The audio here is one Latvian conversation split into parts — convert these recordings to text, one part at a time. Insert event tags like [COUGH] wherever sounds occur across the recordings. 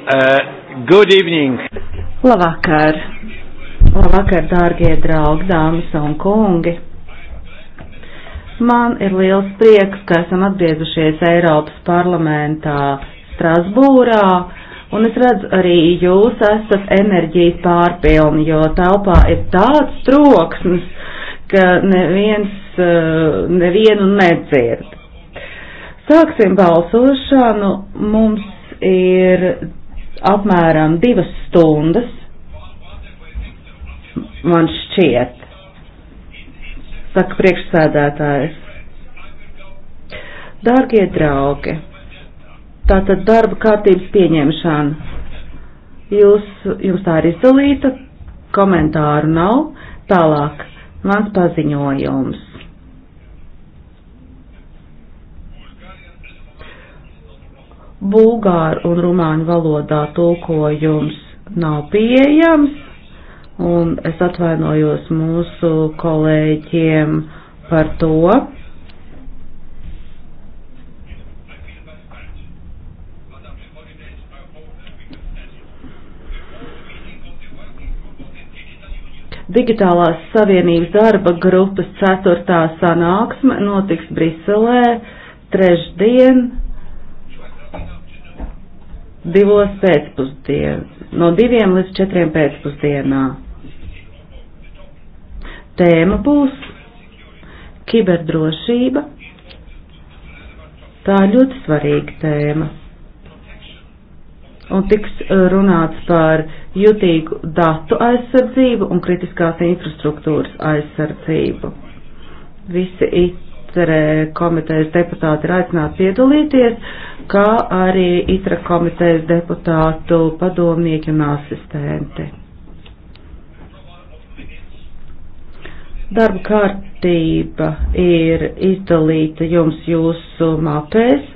Uh, good evening. Labvakar. Labvakar, dārgie draugi, dāmas un kungi. Man ir liels prieks, ka esam atgriezušies Eiropas parlamentā Strasbūrā, un es redzu arī jūs esat enerģijas pārpilni, jo telpā ir tāds troksnis, ka neviens uh, nevienu nedzird. Sāksim balsošanu. Mums ir apmēram divas stundas, man šķiet, saka priekšsēdētājs. Dārgie draugi, tātad darba kārtības pieņemšana. Jūs, jums tā ir izdalīta, komentāru nav, tālāk mans paziņojums. bulgāru un rumāņu valodā tulkojums nav pieejams, un es atvainojos mūsu kolēģiem par to. Digitālās Savienības darba grupas ceturtā sanāksme notiks Briselē trešdien, divos pēcpusdienas, no diviem līdz četriem pēcpusdienā. Tēma būs kiberdrošība. Tā ir ļoti svarīga tēma. Un tiks e, runāts par jutīgu datu aizsardzību un kritiskās infrastruktūras aizsardzību. Visi IT ITRE komitejas deputāti ir aicināti piedalīties, kā arī ITRE komitejas deputātu padomnieki un asistenti. Darba kārtība ir izdalīta jums jūsu mapēs.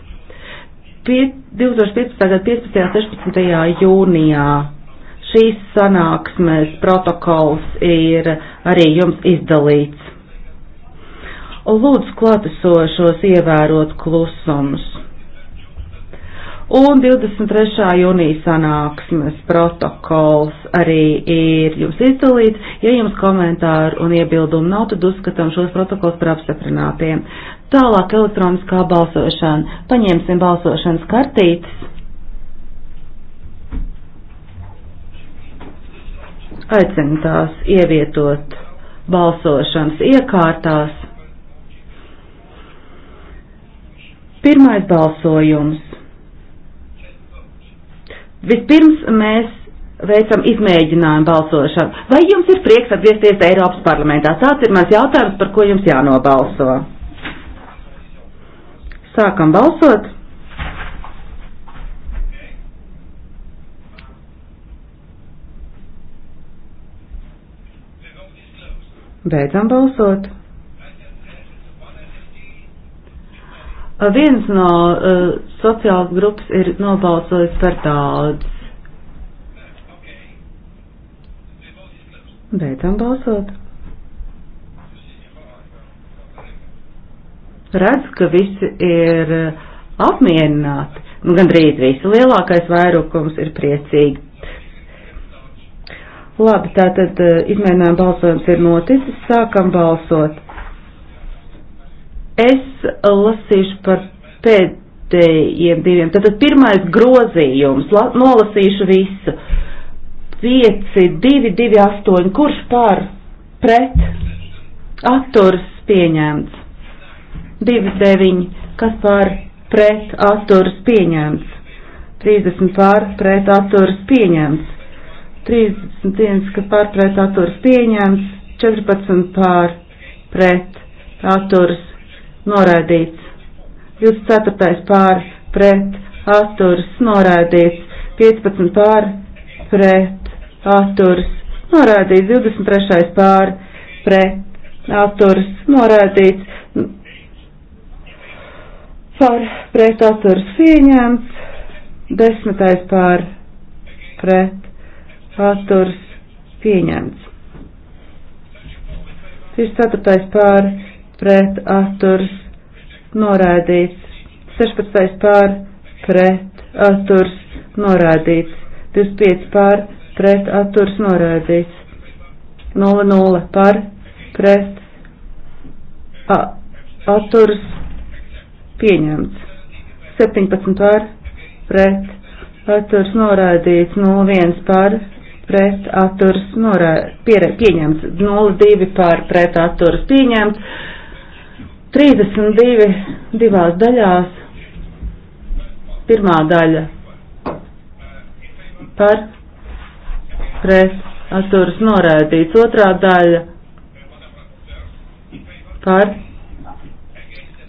2015. gada 15. un 16. jūnijā šīs sanāksmes protokols ir arī jums izdalīts lūdzu klātesošos ievērot klusums. Un 23. jūnija sanāksmes protokols arī ir jums izdalīts. Ja jums komentāru un iebildumu nav, tad uzskatām šos protokols par apstiprinātiem. Tālāk elektroniskā balsošana. Paņemsim balsošanas kartītes. Aicinu tās ievietot balsošanas iekārtās. Pirmais balsojums. Vispirms mēs veicam izmēģinājumu balsošanu. Vai jums ir prieks atgriezties Eiropas parlamentā? Tāds ir mans jautājums, par ko jums jānobalso. Sākam balsot. Beidzam balsot. Viens no uh, eh, sociālas grupas ir nobalsojis par daudz. Beidzam balsot. Redz, ka visi ir eh, apmierināti. Nu, gandrīz visi lielākais vairākums ir priecīgi. Labi, tātad eh, izmēģinājuma balsojums ir noticis, sākam balsot. Es lasīšu par pēdējiem diviem. Tātad pirmais grozījums, la, nolasīšu visu. 5, 2, 2, 8, kurš par, pret, atturs pieņemts. 2, 9, kas par, pret, atturs pieņemts. 30 pār, pret, atturs pieņemts. 31, kas pār, pret, atturs pieņemts. 14 pār, pret, atturs noraidīts. 24. pār pret atturas noraidīts. 15 pār pret atturas noraidīts. 23. pār pret atturas noraidīts. Pār pret atturas pieņemts. 10. pār pret atturas pieņemts. 24. pār pret atturs norādīts. 16. pār pret atturs norādīts. 25 pār pret atturs norādīts. 00 pār pret a, atturs pieņemts. 17 pār pret atturs norādīts. 01 pār pret atturs norādīts. Pieņemts. 02 pār pret atturs pieņemts. 32 divās daļās. Pirmā daļa par pret atturas norēdīts. Otrā daļa par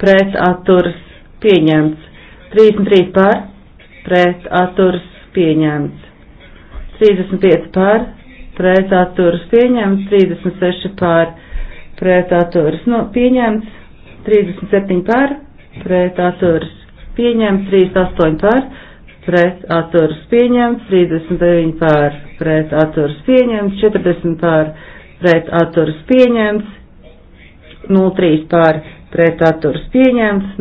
pret atturas pieņemts. 33 par pret atturas pieņemts. 35 par pret atturas pieņemts. 36 par pret atturas no, pieņemts. 37 par, pret atturas pieņemts, 38 par, pret atturas pieņemts, 39 par, pret atturas pieņemts, 40 par, pret atturas pieņemts, 03 par, pret atturas pieņemts,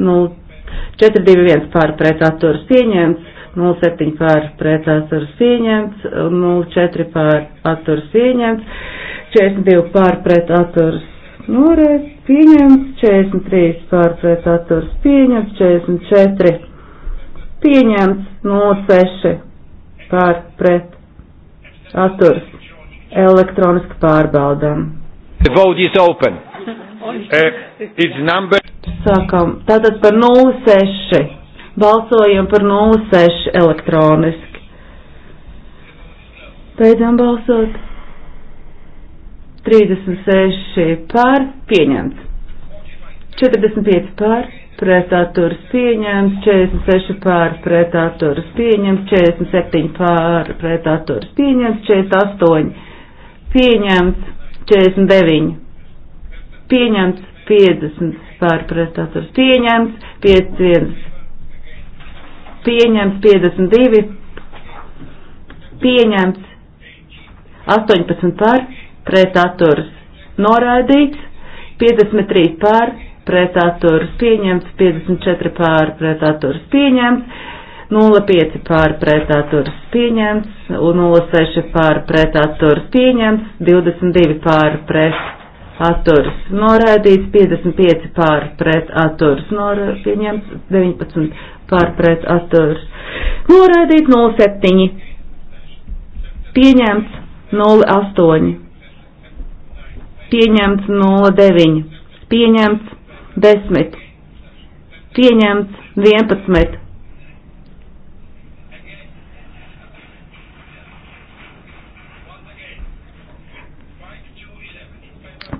421 par, pret atturas pieņemts, 07 par, pret atturas pieņemts, 04 par, atturas pieņemts, 42 par, pret atturas Noreiz pieņemts 43 pārpret atturs, pieņemts 44, pieņemts 06 pārpret atturs elektroniski pārbaudām. The vote is open. Uh, it's number. Sākam, tātad par 06. Balsojam par 06 elektroniski. Beidzam balsot. 36 pār pieņemts. 45 pār pretāturas pieņemts, 46 pār pretāturas pieņemts, 47 pār pretāturas pieņemts, 48 pieņemts, 49 pieņemts, 50 pār pretāturas pieņemts, 51 pieņemts, 52 pieņemts, 18 pār pretaturs noraidīts, 53 pār pretaturs pieņemts, 54 pār pretaturs pieņemts, 05 pār pretaturs pieņemts, 06 pār pretaturs pieņemts, 22 pār pretaturs noraidīts, 55 pār pretaturs pieņemts, 19 pār pretaturs noraidīts, 07 pieņemts, 08 pieņemts 09, pieņemts 10, pieņemts 11.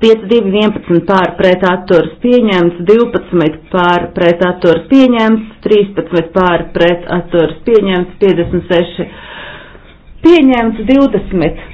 Piec 2, 11 pār pret atturs pieņemts, 12 pār pret atturs pieņemts, 13 pār pret atturs pieņemts, 56 pieņemts, 20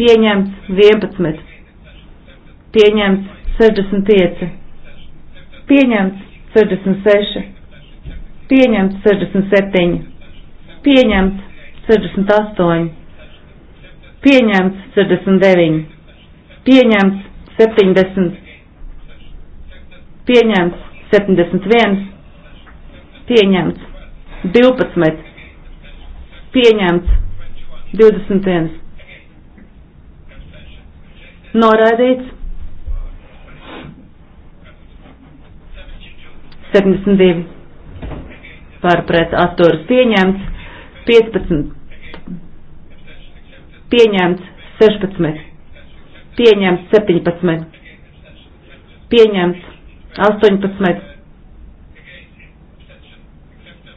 pieņemts 11, pieņemts 65, pieņemts 66, pieņemts 67, pieņemts 68, pieņemts 69, pieņemts 70, pieņemts 71, pieņemts 12, pieņemts 21. Noraidīts. 72 par pret atturas pieņemts. 15 pieņemts. 16 pieņemts. 17 pieņemts. 18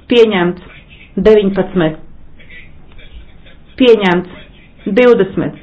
pieņemts. 19 pieņemts. 20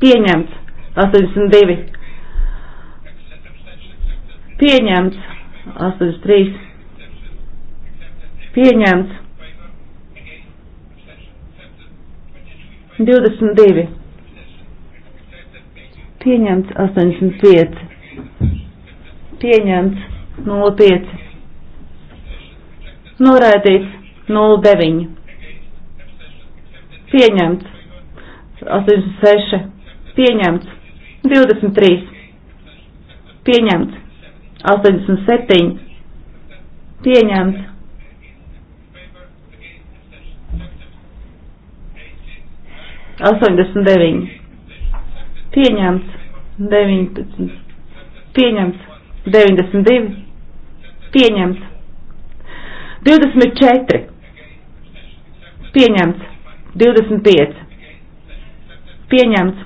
Pieņemts. 82. Pieņemts. 83. Pieņemts. 22. Pieņemts 85. Pieņemts 05. Norēdīts 09. Pieņemts 86 pieņemts, 23, pieņemts, 87, pieņemts. Astoņdesmit deviņi. Pieņemts. Deviņpadsmit. Pieņemts. Deviņdesmit divi. Pieņemts. Divdesmit četri. Pieņemts. Divdesmit pieci. Pieņemts.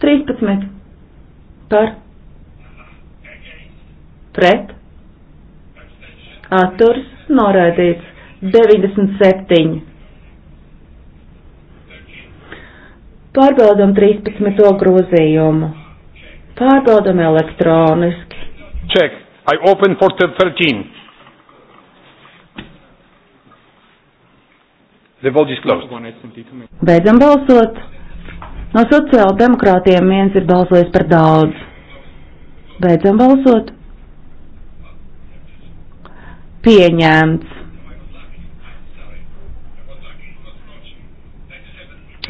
13 par pret atturs noraidīts 97. Pārbaudam 13. grozījumu. Pārbaudam elektroniski. Check. I open for 13. The vote is closed. Beidzam balsot. No sociāla demokrātiem viens ir balsojis par daudz. Beidzam balsot. Pieņēmts.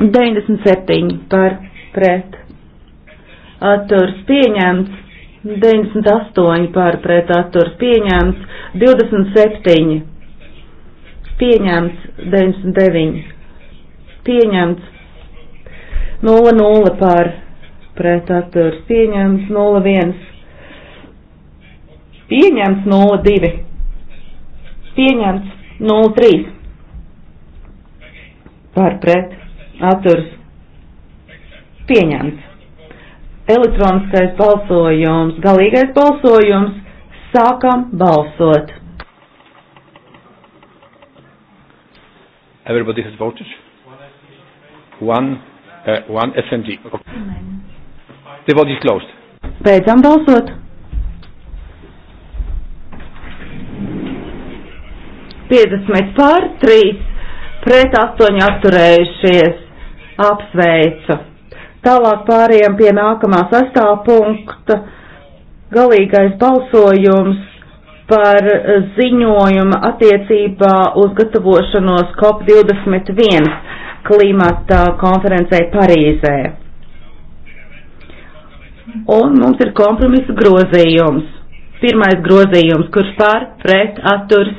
97 par pret. Atturs pieņemts. 98 par pret atturs pieņemts. 27 pieņemts. 99 pieņemts. 0,0 pār pret atturs pieņemts, 0,1 pieņemts, 0,2 pieņemts, 0,3 pār pret atturs pieņemts. Elektroniskais balsojums, galīgais balsojums, sākam balsot. Everybody has voted? One. Uh, one SMG. Okay. The vote is closed. Beidzam balsot. Piedesmit pār, trīs pret astoņi atturējušies. Apsveicu. Tālāk pāriem pie nākamā sastā punkta. Galīgais balsojums par ziņojumu attiecībā uz gatavošanos COP21 klimata konferencē Parīzē. Un mums ir kompromisa grozījums. Pirmais grozījums, kurš pār pret atturs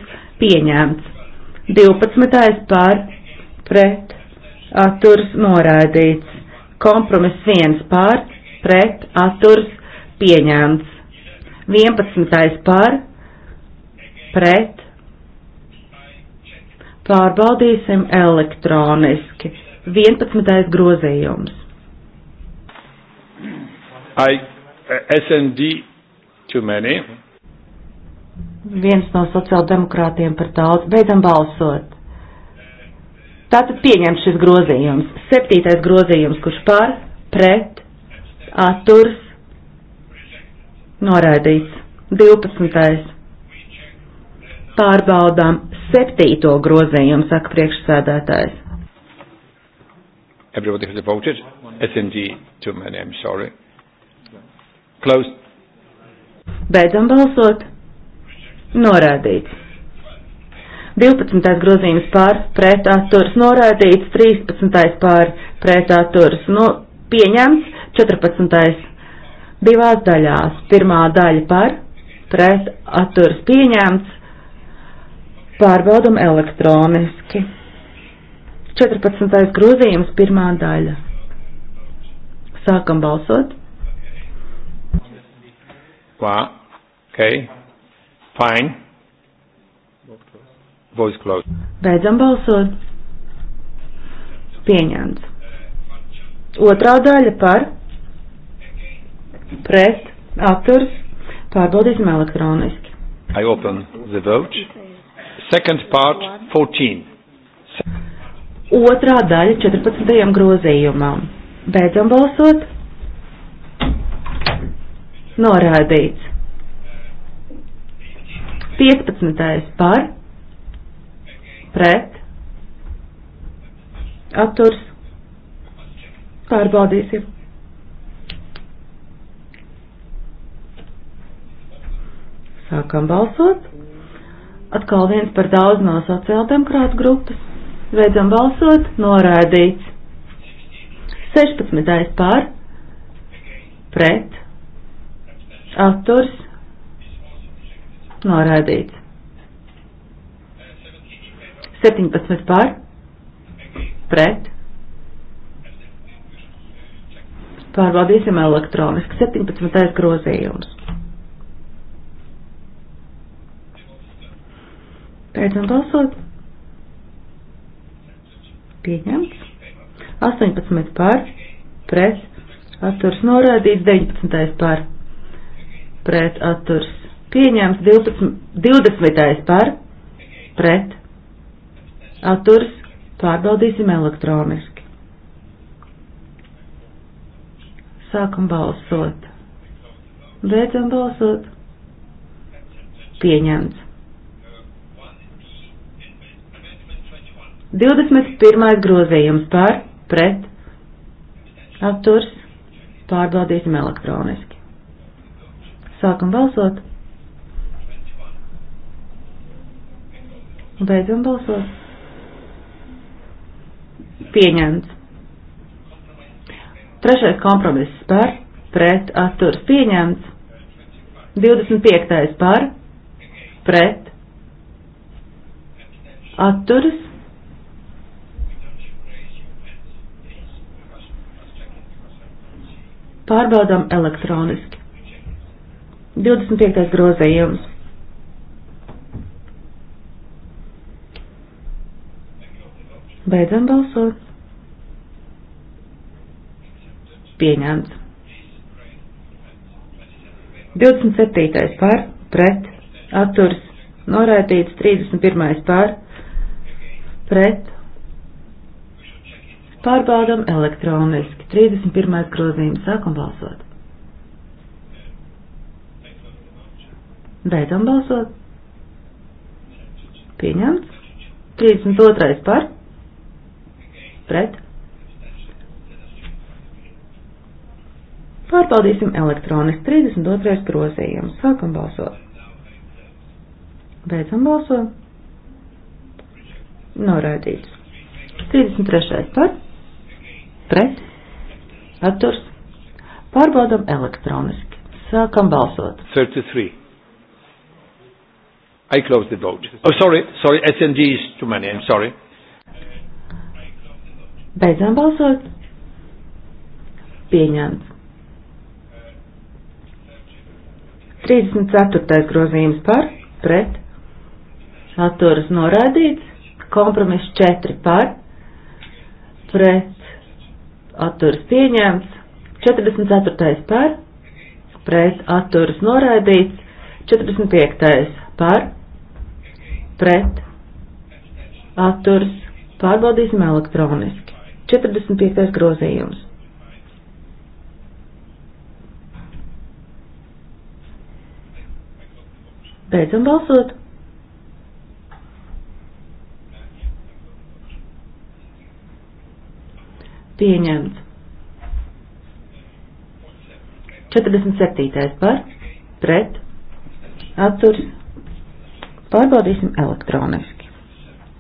pieņemts. 12. pār pret atturs norādīts. Kompromiss 1 pār pret atturs pieņemts. 11. pār pret Pārbaudīsim elektroniski. 11. grozījums. I, eh, SND too many. Viens no sociāldemokrātiem par daudz. Beidzam balsot. Tātad pieņem šis grozījums. Septītais grozījums, kurš par, pret, atturs, noraidīts. 12 pārbaudām septīto grozījumu, saka priekšsēdētājs. Everybody has voted? SND, too many, I'm sorry. Closed. Beidzam balsot. Norādīts. 12. grozījums pār pretāturs norādīts, 13. pār pretāturs no, pieņemts, 14. divās daļās. Pirmā daļa par pretāturs pieņemts, Pārbaudam elektroniski. 14. grozījums, pirmā daļa. Sākam balsot. Wow. Okay. Fine. Voice closed. Beidzam balsot. Pieņemts. Otrā daļa par pret atturs pārbaudīsim elektroniski. I open the vote. Second part 14. Otrā daļa 14. grozījumam. Beidzam balsot. Norādīts. 15. par, pret, atturs, pārbaudīsim. Sākam balsot. Atkal viens par daudz no sociāldemokrāta grupas. Beidzam balsot, norādīts. 16. pār, pret, atturs, norādīts. 17 pār, pret, pārbaudīsim elektroniski, 17. grozījums. Beidzam balsot. Pieņemts. 18 par, pret, atturs norādīts, 19 par, pret, atturs pieņemts, 12, 20 par, pret, atturs pārbaudīsim elektroniski. Sākam balsot. Beidzam balsot. Pieņemts. 21. grozījums par pret atturs pārbaudīsim elektroniski. Sākam balsot. Beidzam balsot. Pieņemts. Trešais kompromiss par pret atturs pieņemts. 25. par pret atturs Pārbaudām elektroniski. 25. grozījums. Beidzam balsot. Pieņemts. 27. par, pret, atturs, noraidīts, 31. par, pret, Pārbaudam elektroniski. 31. grozījums. Sākam balsot. Beidzam balsot. Pieņemts. 32. par. Pret. Pārbaudīsim elektroniski. 32. grozījums. Sākam balsot. Beidzam balsot. Noraidīts. 33. par pret, atturs, pārbaudam elektroniski. Sākam balsot. 33. I close the vote. Oh, sorry, sorry, SND is too many, I'm sorry. Beidzam balsot. Pieņemts. 34. grozījums par, pret, atturas norādīts, kompromiss 4 par, pret, atturas pieņemts, 44. par, pret atturas noraidīts, 45. par, pret atturas pārbaudīsim elektroniski, 45. grozījums. Beidzam balsot. pieņemts. 47. par, pret, atturs, pārbaudīsim elektroniski.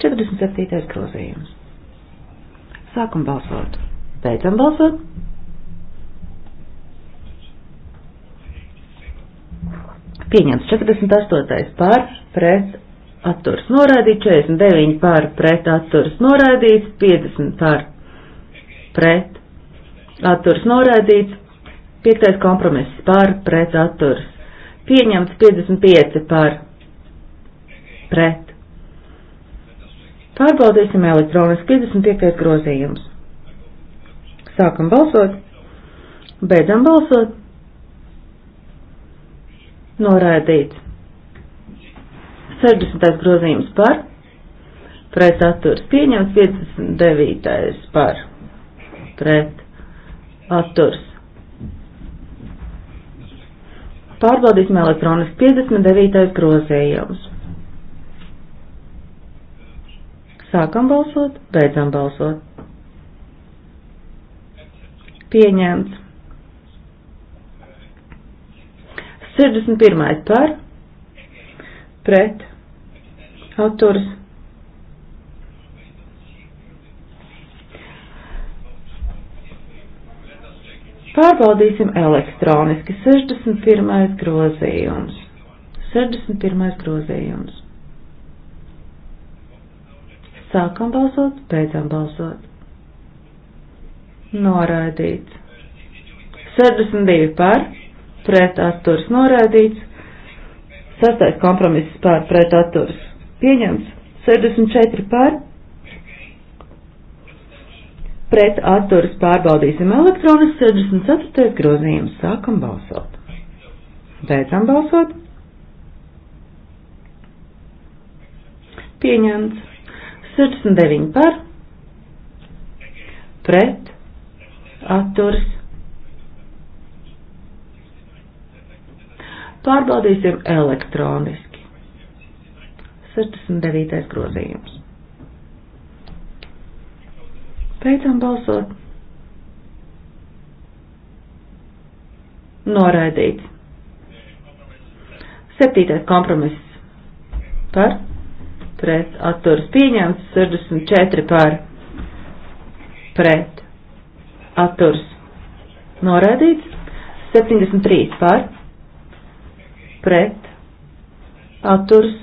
47. grozījums. Sākam balsot. Beidzam balsot. Pieņemts 48. par, pret, atturs noraidīts, 49 par, pret, atturs noraidīts, 50 par, pret atturs noraidīts, 5. kompromiss par pret atturs. Pieņemts 55 par pret. Pārbaudīsim elektroniski 55. grozījums. Sākam balsot, beidzam balsot. Noraidīts. 60. grozījums par pret atturs. Pieņemts 59. par pret atturs. Pārbaudīsim elektroniski 59. grozījums. Sākam balsot, beidzam balsot. Pieņemts. 61. par, pret, autors Pārbaudīsim elektroniski 61. grozījums. 61. grozījums. Sākam balsot, beidzam balsot. Noraidīts. 62 par, pret atturs noraidīts. Sastais kompromiss par, pret atturs pieņemts. 64 par, pret atturas pārbaudīsim elektronisku 64. grozījumu. Sākam balsot. Beidzam balsot. Pieņemts. 69 par. Pret. Atturs. Pārbaudīsim elektroniski. 69. grozījums. Beidzam balsot. Noraidīts. Septītais kompromiss. Par. Pret. Atturas pieņemts. 64 par. Pret. Atturas. Noraidīts. 73 par. Pret. Atturas.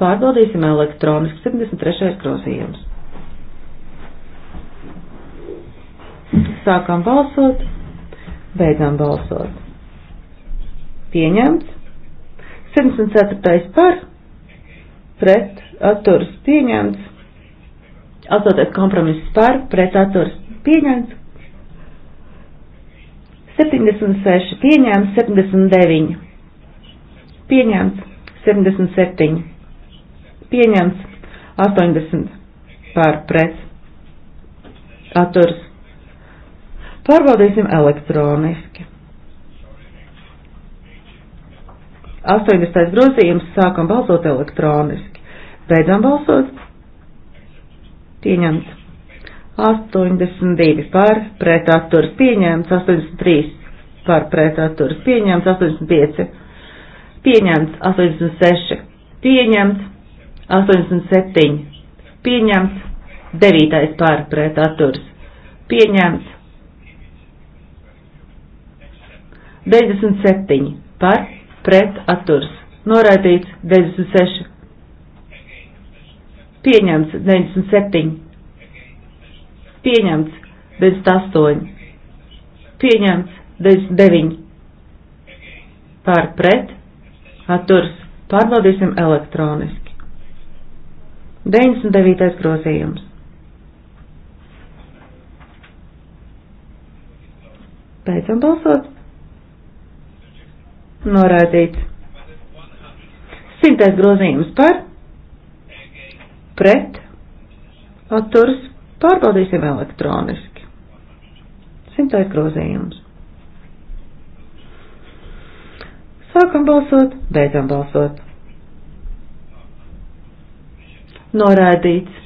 Pārbaudīsim elektroniski 73. grozījums. sākam balsot, beidzam balsot. Pieņemts. 74. par, pret atturas pieņemts. 8. kompromiss par, pret atturas pieņemts. 76 pieņēmts, 79 pieņēmts, 77 pieņēmts, 80 pār pret atturs Pārbaudīsim elektroniski. 80. grozījums sākam balsot elektroniski. Beidzam balsot. Pieņemts. 82 par pretaturas pieņemts, 83 par pretaturas pieņemts, 85 pieņemts, 86 pieņemts, 87 pieņemts, 9 par pretaturas pieņemts, 97 par pret atturs. Noraidīts 96. Pieņemts 97. Pieņemts 98. Pieņemts 99. Par pret atturs. Pārbaudīsim elektroniski. 99. grozījums. Beidzam balsot. Noraidīts. Simtais grozījums par, pret, atturs, pārbaudīsim elektroniski. Simtais grozījums. Sākam balsot, beidzam balsot. Norādīts.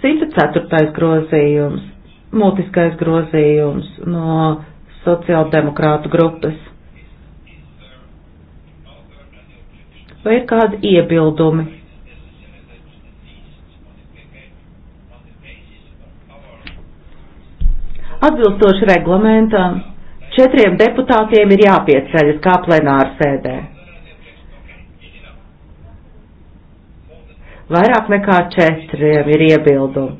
Simta ceturtais grozījums mutiskais grozījums no sociāldemokrātu grupas. Vai ir kādi iebildumi? Atbilstoši reglamentam, četriem deputātiem ir jāpieceļas kā plenāra sēdē. Vairāk nekā četriem ir iebildumi.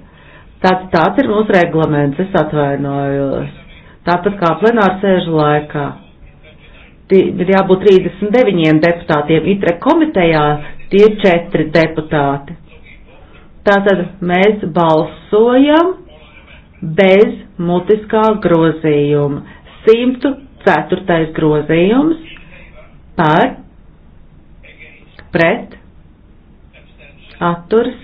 Tāds, tāds ir mūsu reglaments, es atvainojos. Tāpat kā plenāra sēžu laikā. Ir jābūt 39 deputātiem, itre komitejā tie ir 4 deputāti. Tātad mēs balsojam bez mutiskā grozījuma. 104. grozījums par pret atturas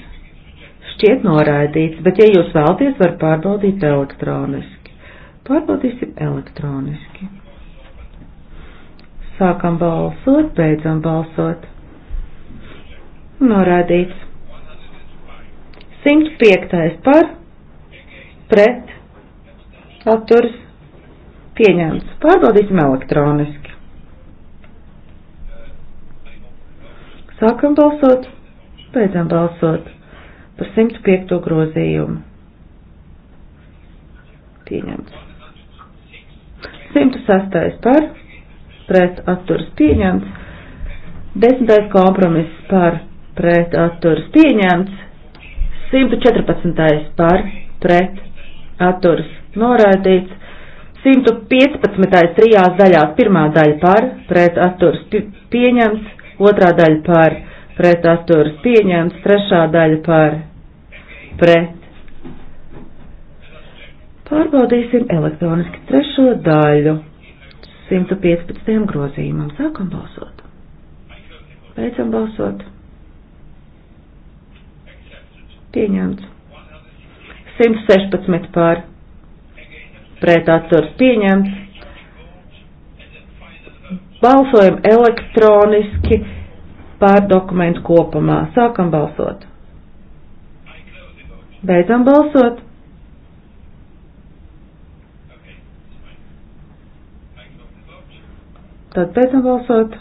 šķiet noraidīts, bet ja jūs vēlties, var pārbaudīt elektroniski. Pārbaudīsim elektroniski. Sākam balsot, beidzam balsot. Noraidīts. 105. par, pret, atturs, pieņemts. Pārbaudīsim elektroniski. Sākam balsot, beidzam balsot par 105. grozījumu. Pieņemts. 106. par pret atturas pieņemts. 10. kompromiss par pret atturas pieņemts. 114. par pret atturas noraidīts. 115. trijās daļās pirmā daļa par pret atturas pieņemts, otrā daļa par pret pret atturas pieņemts, trešā daļa par pret. Pārbaudīsim elektroniski trešo daļu 115. grozījumam. Sākam balsot. Beidzam balsot. Pieņemts. 116 pār pret atturs pieņemts. Balsojam elektroniski pār dokumentu kopumā. Sākam balsot. Beidzam balsot. Tad beidzam balsot.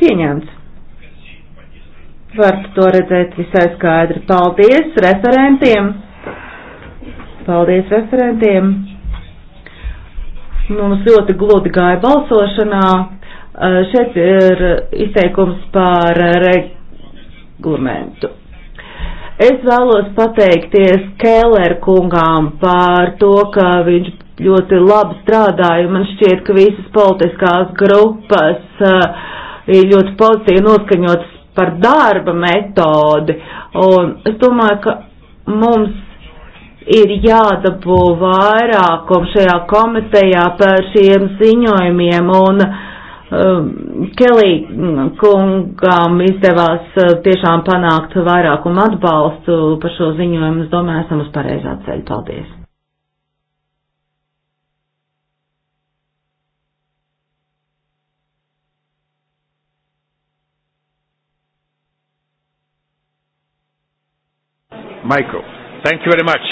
Pieņemts. Varat to redzēt visai skaidri. Paldies referentiem! Paldies referentiem! Mums ļoti gludi gāja balsošanā. Eh, šeit ir izteikums par reglamentu. Es vēlos pateikties Kēlēra kungām par to, ka viņš ļoti labi strādāja. Man šķiet, ka visas politiskās grupas uh, ir ļoti pozitīvi noskaņotas par darba metodi. Un es domāju, ka mums ir jādabū vairākumu šajā komitejā par šiem ziņojumiem. Un, uh, Um, Kelī mm, kungām izdevās uh, tiešām panākt vairākumu atbalstu par šo ziņojumu. Es domāju, esam uz pareizā ceļa. Paldies! Maiko, thank you very much.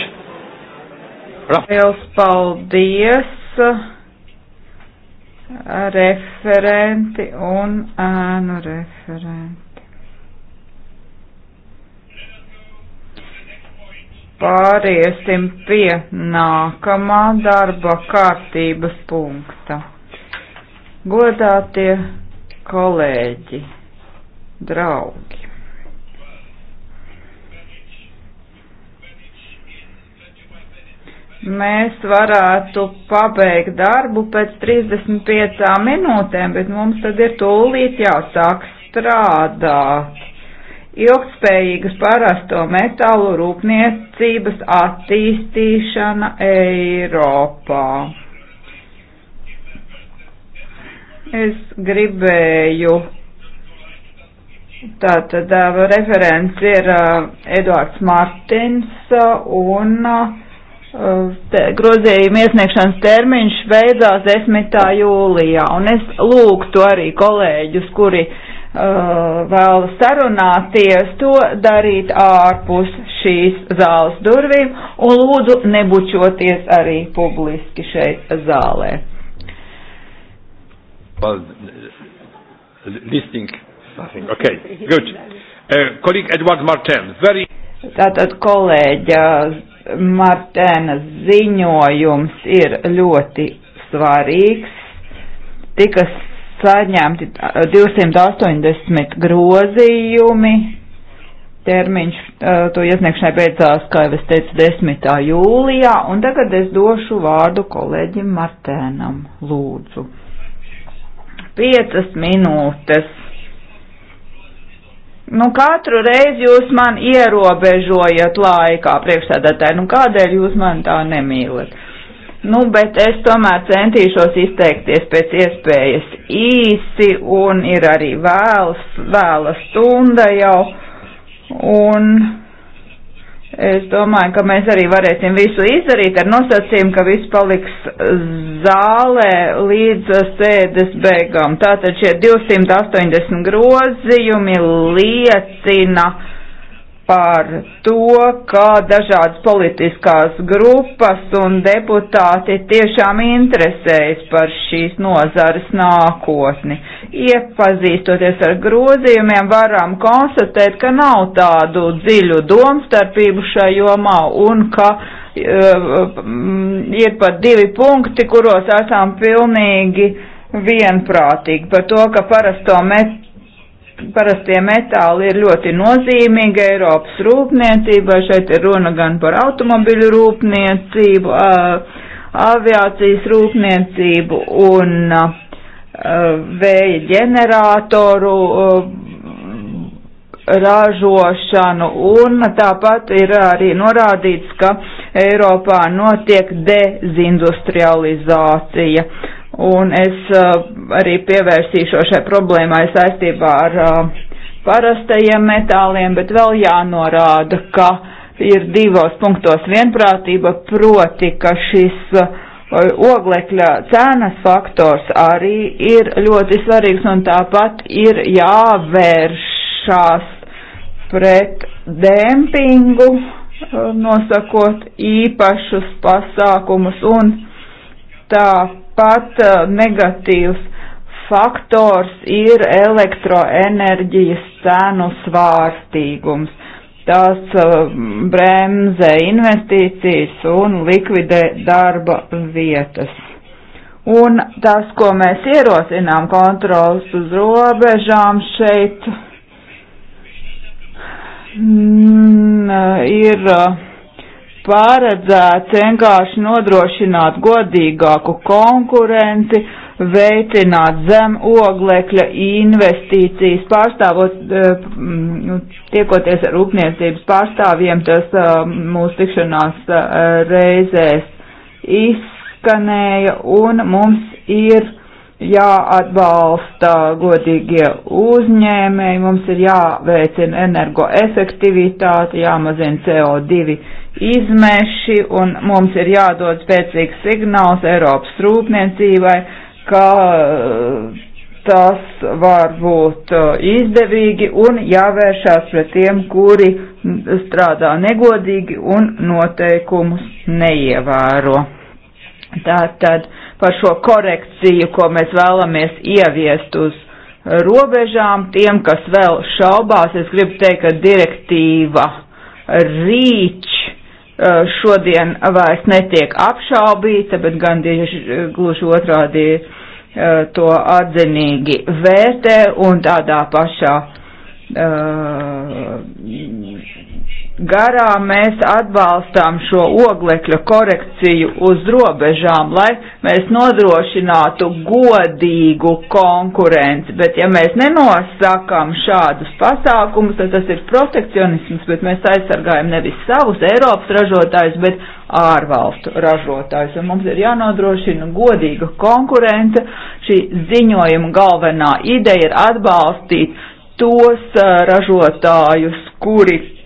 Rafaels, paldies! referenti un ēnu referenti. Pāriesim pie nākamā darba kārtības punkta. Godātie kolēģi, draugi! mēs varētu pabeigt darbu pēc 35 minūtēm, bet mums tad ir tūlīt jāsāk strādāt. Ilgspējīgas parasto metālu rūpniecības attīstīšana Eiropā. Es gribēju Tātad referents ir Eduards Martins un uh, Uh, grozījuma iesniegšanas termiņš beidzās 10. jūlijā, un es lūgtu arī kolēģus, kuri uh, vēl sarunāties, to darīt ārpus šīs zāles durvīm, un lūdzu nebučoties arī publiski šeit zālē. Well, listing, nothing. Okay, good. Uh, colleague Edward Martin, very. Tātad kolēģa Martēnas ziņojums ir ļoti svarīgs. Tika saņemti 280 grozījumi. Termiņš to iesniegšanai beidzās, kā jau es teicu, 10. jūlijā, un tagad es došu vārdu kolēģim Martēnam. Lūdzu. Piecas minūtes Nu, katru reizi jūs man ierobežojat laikā priekšsēdētāji, nu kādēļ jūs man tā nemīlat? Nu, bet es tomēr centīšos izteikties pēc iespējas īsi un ir arī vēls, vēla stunda jau. Un Es domāju, ka mēs arī varēsim visu izdarīt ar nosacījumu, ka viss paliks zālē līdz sēdes beigām. Tātad šie 280 grozījumi liecina par to, kā dažādas politiskās grupas un deputāti tiešām interesējas par šīs nozares nākotni. Iepazīstoties ar grozījumiem, varam konstatēt, ka nav tādu dziļu domstarpību šajā jomā un ka uh, ir pat divi punkti, kuros esam pilnīgi vienprātīgi par to, ka parasto met parastie metāli ir ļoti nozīmīga Eiropas rūpniecībai. Šeit ir runa gan par automobiļu rūpniecību, aviācijas rūpniecību un vēja ģeneratoru ražošanu, un tāpat ir arī norādīts, ka Eiropā notiek dezindustrializācija un es uh, arī pievērsīšos šai problēmai saistībā ar uh, parastajiem metāliem, bet vēl jānorāda, ka ir divos punktos vienprātība, proti, ka šis uh, oglekļa cenas faktors arī ir ļoti svarīgs un tāpat ir jāvēršās pret dempingu, nosakot īpašus pasākumus un Tāpat eh, negatīvs faktors ir elektroenerģijas cenu svārstīgums. Tas eh, bremzē investīcijas un likvidē darba vietas. Un tas, ko mēs ierosinām kontrols uz robežām šeit, mm, eh, ir uh, paredzēts vienkārši nodrošināt godīgāku konkurenci, veicināt zem oglekļa investīcijas, pārstāvot, eh, tiekoties ar rūpniecības pārstāvjiem, tas eh, mūsu tikšanās eh, reizēs izskanēja, un mums ir jāatbalsta godīgie uzņēmēji, mums ir jāveicina energoefektivitāte, jāmazina CO2 izmeši un mums ir jādod spēcīgs signāls Eiropas rūpniecībai, ka uh, tas var būt uh, izdevīgi un jāvēršās pret tiem, kuri strādā negodīgi un noteikumus neievēro. Tātad par šo korekciju, ko mēs vēlamies ieviest uz robežām. Tiem, kas vēl šaubās, es gribu teikt, ka direktīva rīč eh, šodien vairs netiek apšaubīta, bet gan eh, gluži otrādi eh, to atzinīgi vērtē un tādā pašā uh, garā mēs atbalstām šo oglekļa korekciju uz robežām, lai mēs nodrošinātu godīgu konkurenci. Bet ja mēs nenosakām šādus pasākumus, tad tas ir protekcionisms, bet mēs aizsargājam nevis savus Eiropas ražotājus, bet ārvalstu ražotājus. Un mums ir jānodrošina godīga konkurence. Šī ziņojuma galvenā ideja ir atbalstīt tos eh, ražotājus, kuri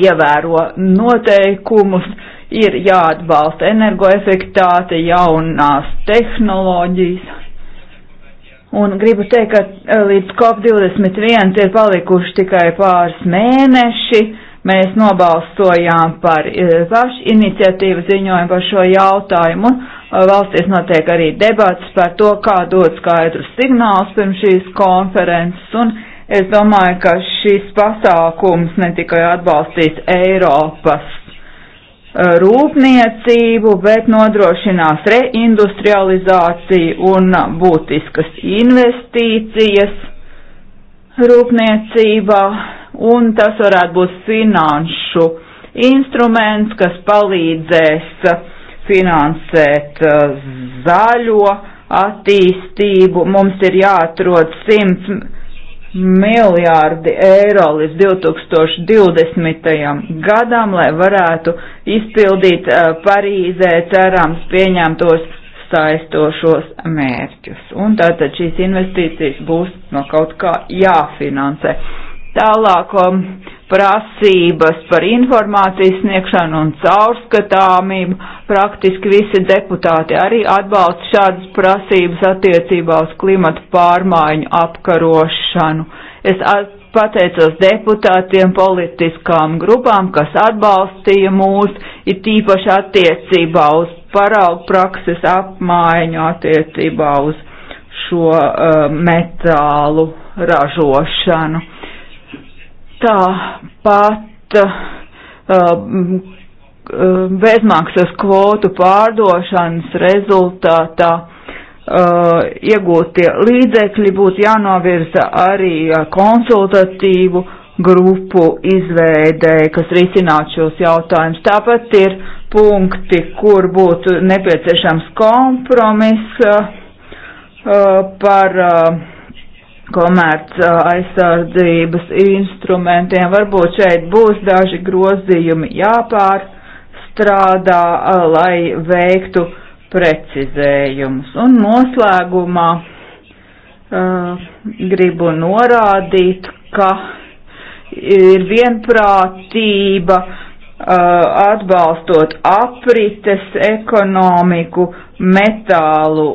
ievēro noteikumus, ir jāatbalsta energoefektāte, jaunās tehnoloģijas. Un gribu teikt, ka eh, līdz COP21 ir palikuši tikai pāris mēneši. Mēs nobalsojām par eh, pašu iniciatīvu ziņojumu par šo jautājumu. Eh, Valstīs notiek arī debats par to, kā dot skaidrus signālus pirms šīs konferences. Un Es domāju, ka šis pasākums ne tikai atbalstīs Eiropas uh, rūpniecību, bet nodrošinās reindustrializāciju un būtiskas investīcijas rūpniecībā, un tas varētu būt finanšu instruments, kas palīdzēs finansēt uh, zaļo attīstību. Mums ir jāatrod 100 miljārdi eiro līdz 2020. gadam, lai varētu izpildīt Parīzē cerams pieņemtos saistošos mērķus. Un tātad šīs investīcijas būs no kaut kā jāfinansē. Tālāk. Um, prasības par informācijas sniegšanu un caurskatāmību. Praktiski visi deputāti arī atbalsta šādas prasības attiecībā uz klimatu pārmaiņu apkarošanu. Es pateicos deputātiem, politiskām grupām, kas atbalstīja mūs, ir tīpaši attiecībā uz paraugu prakses apmaiņu, attiecībā uz šo uh, metālu ražošanu. Uh, Tāpat uh, uh, bezmaksas kvotu pārdošanas rezultātā uh, iegūtie līdzekļi būtu jānovirza arī uh, konsultatīvu grupu izveidē, kas risinātu šos jautājumus. Tāpat ir punkti, kur būtu nepieciešams kompromiss uh, uh par uh, komerc aizsardzības instrumentiem. Varbūt šeit būs daži grozījumi jāpārstrādā, lai veiktu precizējumus. Un noslēgumā uh, gribu norādīt, ka ir vienprātība uh, atbalstot aprites ekonomiku, metālu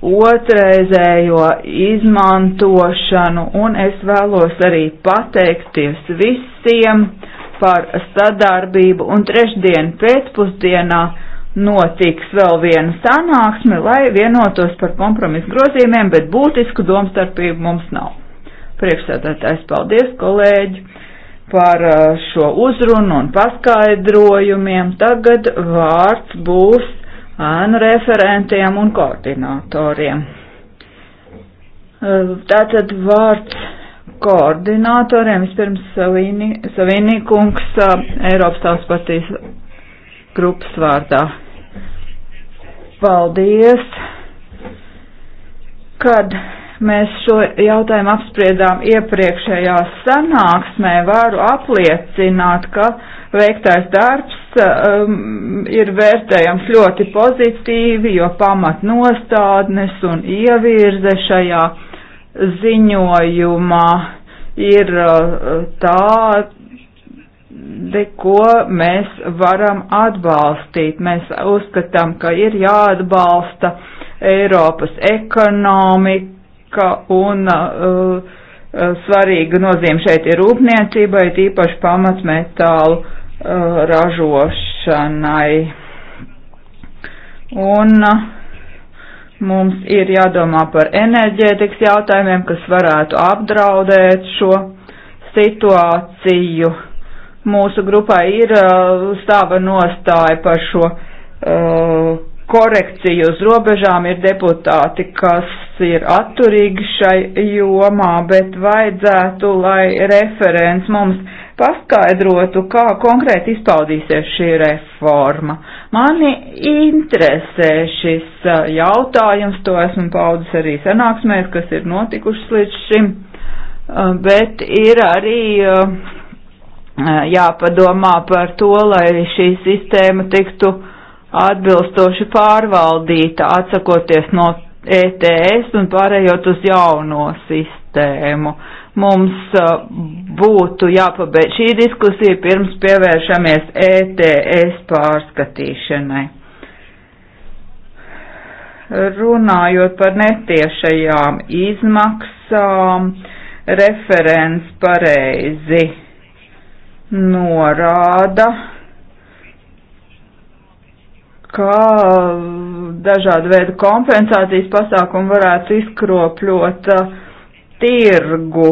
otrreizējo izmantošanu, un es vēlos arī pateikties visiem par sadarbību, un trešdien pēcpusdienā notiks vēl viena sanāksme, lai vienotos par kompromisu grozījumiem, bet būtisku domstarpību mums nav. Priekšsēdētājs, paldies, kolēģi! par uh, šo uzrunu un paskaidrojumiem. Tagad vārds būs ēnu referentiem un koordinatoriem. Tātad vārds koordinatoriem vispirms Savini, Savini kungs Eiropas tās partijas grupas vārdā. Paldies, kad mēs šo jautājumu apspriedām iepriekšējā sanāksmē, varu apliecināt, ka uh, veiktais darbs um, ir vērtējams ļoti pozitīvi, jo pamatnostādnes un ievirze šajā ziņojumā ir uh, tādi, ko mēs varam atbalstīt. Mēs uzskatām, ka ir jāatbalsta Eiropas ekonomika un uh, Eh, svarīga nozīme šeit ir rūpniecībai, tīpaši pamatmetālu uh, ražošanai. Un uh, mums ir jādomā par enerģētikas jautājumiem, kas varētu apdraudēt šo situāciju. Mūsu grupai ir uh, stāva nostāja par šo uh, korekciju uz robežām ir deputāti, kas ir atturīgi šai jomā, bet vajadzētu, lai referents mums paskaidrotu, kā konkrēti izpaudīsies šī reforma. Mani interesē šis jautājums, to esmu paudzis arī sanāksmēs, kas ir notikušas līdz šim, bet ir arī jāpadomā par to, lai šī sistēma tiktu atbilstoši pārvaldīta, atsakoties no ETS un pārējot uz jauno sistēmu. Mums uh, būtu jāpabeidz šī diskusija pirms pievēršamies ETS pārskatīšanai. Runājot par netiešajām izmaksām, referents pareizi norāda, kā mm, dažādu veidu kompensācijas pasākumu varētu izkropļot uh, tirgu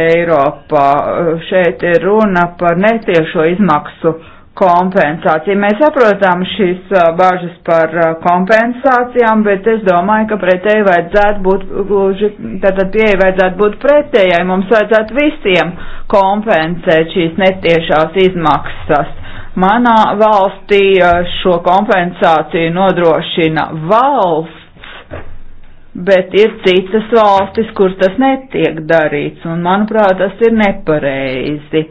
Eiropā. Uh, šeit ir runa par netiešo izmaksu kompensāciju. Mēs saprotam šīs uh, bažas par kompensācijām, bet es domāju, ka pretēji vajadzētu būt, gluži, tātad pieeja vajadzētu būt pretējai. Mums vajadzētu visiem kompensēt šīs netiešās izmaksas. Manā valstī eh, šo kompensāciju nodrošina valsts, bet ir citas valstis, kur tas netiek darīts, un manuprāt, tas ir nepareizi.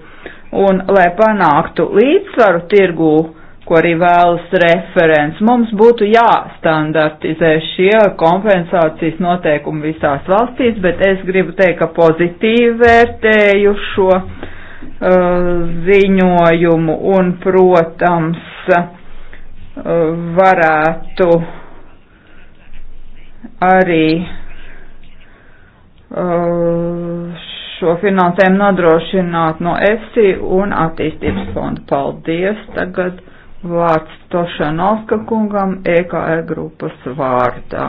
Un, lai panāktu līdzsvaru tirgū, ko arī vēlas referents, mums būtu jāstandartizē šie kompensācijas noteikumi visās valstīs, bet es gribu teikt, ka pozitīvi vērtēju šo uh, Uh, ziņojumu un, protams, uh, varētu arī uh, šo finansējumu nodrošināt no EFSI un attīstības fonda. Paldies! Tagad vārds Tošanovska kungam EKR e grupas vārdā.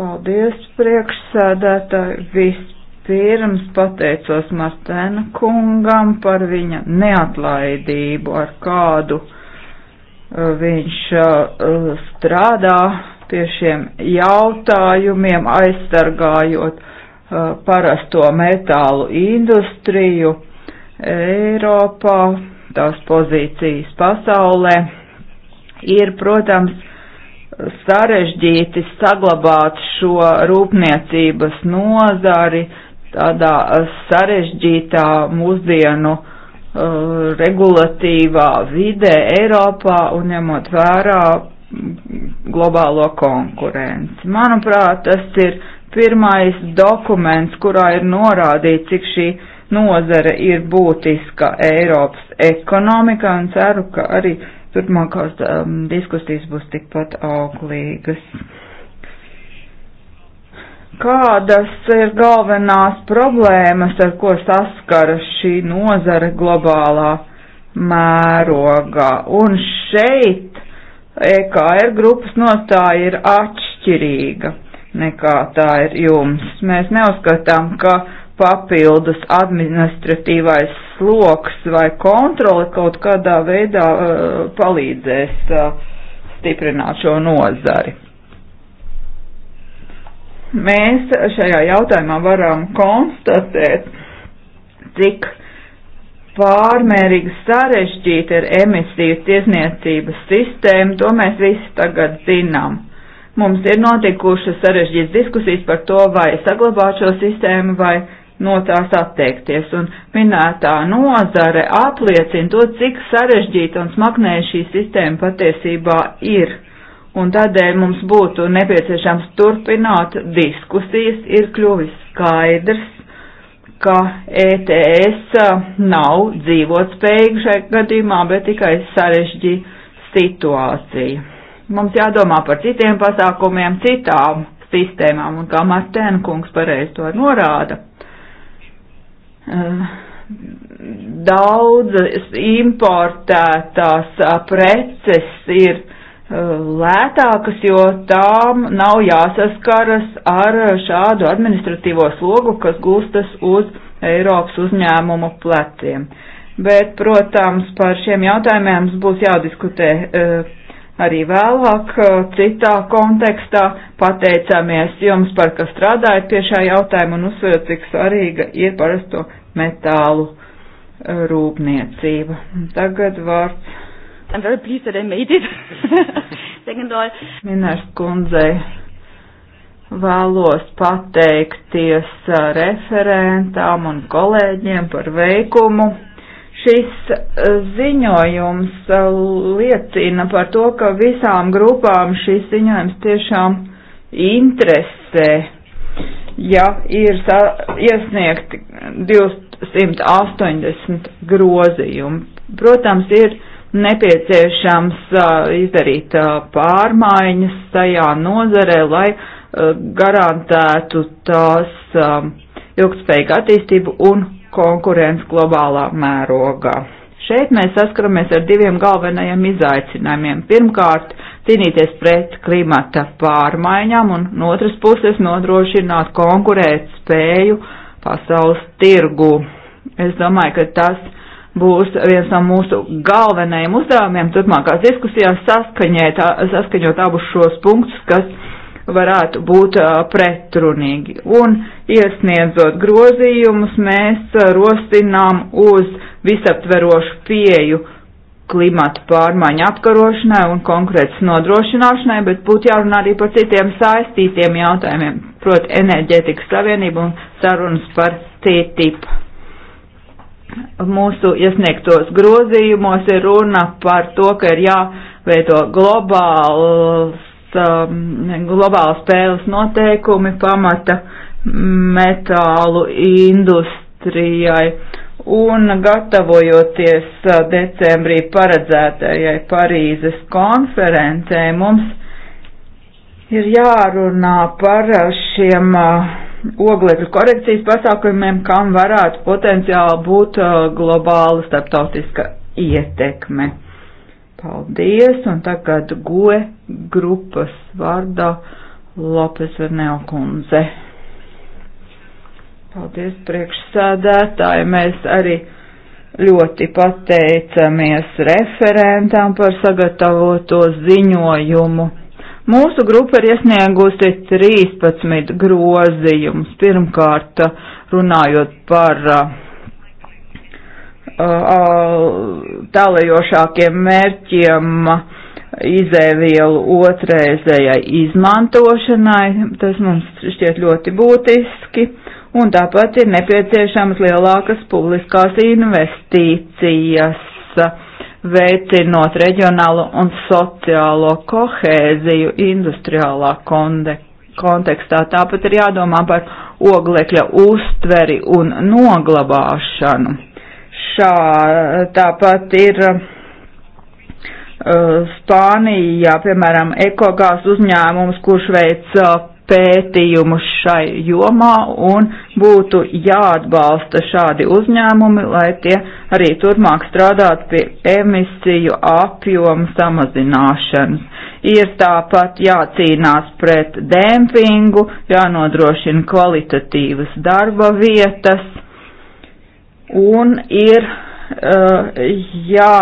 Paldies, priekšsēdētāji! Viss Vispirms pateicos Martēna kungam par viņa neatlaidību, ar kādu uh, viņš uh, strādā pie šiem jautājumiem, aizsargājot uh, parasto metālu industriju Eiropā, tās pozīcijas pasaulē. Ir, protams, sarežģīti saglabāt šo rūpniecības nozari, tādā eh, sarežģītā mūsdienu uh, regulatīvā vidē Eiropā un ņemot vērā mm, globālo konkurenci. Manuprāt, tas ir pirmais dokuments, kurā ir norādīts, cik šī nozara ir būtiska Eiropas ekonomikā un ceru, ka arī turpmākās um, diskusijas būs tikpat auglīgas. Kādas ir galvenās problēmas, ar ko saskaras šī nozare globālā mērogā? Un šeit EKR grupas nostāja ir atšķirīga nekā tā ir jums. Mēs neuzskatām, ka papildus administratīvais sloks vai kontrole kaut kādā veidā uh, palīdzēs uh, stiprināt šo nozari mēs šajā jautājumā varam konstatēt, cik pārmērīgi sarežģīta ir emisiju tiesniecības sistēma, to mēs visi tagad zinām. Mums ir notikušas sarežģītas diskusijas par to, vai saglabāt šo sistēmu vai no tās atteikties, un minētā nozare apliecina to, cik sarežģīta un smaknēja šī sistēma patiesībā ir un tādēļ mums būtu nepieciešams turpināt diskusijas, ir kļuvis skaidrs, ka ETS nav dzīvotspējīga šai gadījumā, bet tikai sarežģīta situācija. Mums jādomā par citiem pasākumiem, citām sistēmām, un kā Martēna kungs pareiz to norāda, daudzas importētās preces ir lētākas, jo tām nav jāsaskaras ar šādu administratīvo slogu, kas gūstas uz Eiropas uzņēmumu pleciem. Bet, protams, par šiem jautājumiem mums būs jādiskutē e, arī vēlāk e, citā kontekstā. Pateicamies jums par, ka strādājat pie šā jautājuma un uzsverat, cik svarīga ir parasto metālu e, rūpniecība. Tagad vārds I'm very pleased that I made it. [LAUGHS] Second all. Minērs kundzei vēlos pateikties uh, referentām un kolēģiem par veikumu. Šis uh, ziņojums uh, liecina par to, ka visām grupām šis ziņojums tiešām interesē ja ir iesniegti 280 grozījumi. Protams, ir nepieciešams izdarīt pārmaiņas tajā nozarē, lai garantētu tās ilgspējīgu attīstību un konkurence globālā mērogā. Šeit mēs saskaramies ar diviem galvenajiem izaicinājumiem. Pirmkārt, cīnīties pret klimata pārmaiņām un no otras puses nodrošināt konkurēt spēju pasaules tirgu. Es domāju, ka tas būs viens no mūsu galvenajiem uzdevumiem turpmākās diskusijās saskaņēt, saskaņot abus šos punktus, kas varētu būt pretrunīgi. Un iesniedzot grozījumus, mēs rosinām uz visaptverošu pieju klimata pārmaiņu apkarošanai un konkrētas nodrošināšanai, bet būtu jārunā arī par citiem saistītiem jautājumiem, proti enerģētikas savienību un sarunas par TTIP mūsu iesniegtos grozījumos ir runa par to, ka ir jāveido globāls, um, globāls spēles noteikumi pamata metālu industrijai un gatavojoties uh, decembrī paredzētajai Parīzes konferencē mums ir jārunā par šiem uh, oglekļu korekcijas pasākumiem, kam varētu potenciāli būt uh, globāla starptautiska ietekme. Paldies, un tagad goe grupas vārdā Lopes Verneokundze. Paldies priekšsādētāji, mēs arī ļoti pateicamies referentam par sagatavoto ziņojumu. Mūsu grupa ir iesniegusi 13 grozījumus. Pirmkārt, runājot par uh, uh tālējošākiem mērķiem izēvielu otrreizējai izmantošanai. Tas mums šķiet ļoti būtiski. Un tāpat ir nepieciešamas lielākas publiskās investīcijas. Uh, veicinot reģionālo un sociālo kohēziju industriālā konde, kontekstā. Tāpat ir jādomā par oglekļa uztveri un noglabāšanu. Šā tāpat ir uh, Spānijā, piemēram, ekogās uzņēmums, kurš veic uh, pētījumus šai jomā un būtu jāatbalsta šādi uzņēmumi, lai tie arī turmāk strādātu pie emisiju apjomu samazināšanas. Ir tāpat jācīnās pret dempingu, jānodrošina kvalitatīvas darba vietas un ir uh, jā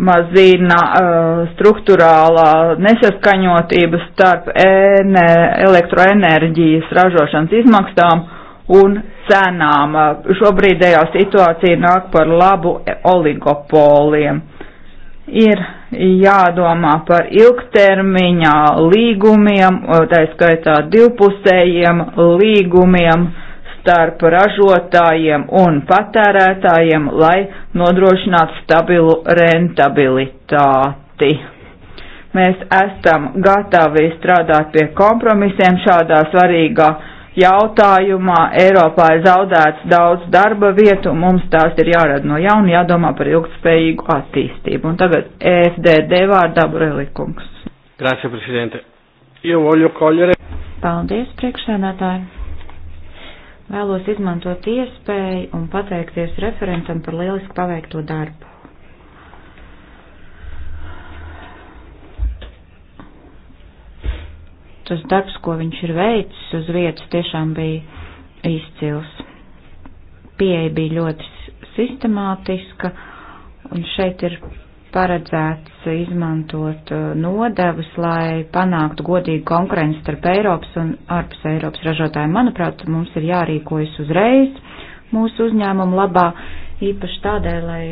mazina uh, eh, struktūrālā nesaskaņotība starp ene, elektroenerģijas ražošanas izmaksām un cenām. Uh, šobrīdējā situācija nāk par labu oligopoliem. Ir jādomā par ilgtermiņā līgumiem, eh, tā skaitā divpusējiem līgumiem, uh, starp ražotājiem un patērētājiem, lai nodrošinātu stabilu rentabilitāti. Mēs esam gatavi strādāt pie kompromisiem šādā svarīgā jautājumā. Eiropā ir zaudēts daudz darba vietu, mums tās ir jārada no jauna, jādomā par ilgspējīgu attīstību. Un tagad EFDD vārdā Brelikungs. Grazie, prezidente. Io voglio cogliere. Paldies, priekšsēdētāji. Vēlos izmantot iespēju un pateikties referentam par lieliski paveikto darbu. Tas darbs, ko viņš ir veicis uz vietas, tiešām bija izcils. Pieeja bija ļoti sistemātiska, un šeit ir paredzēts izmantot uh, nodevas, lai panāktu godīgu konkurenci starp Eiropas un ārpus Eiropas ražotājiem. Manuprāt, mums ir jārīkojas uzreiz mūsu uzņēmumu labā, īpaši tādēļ, lai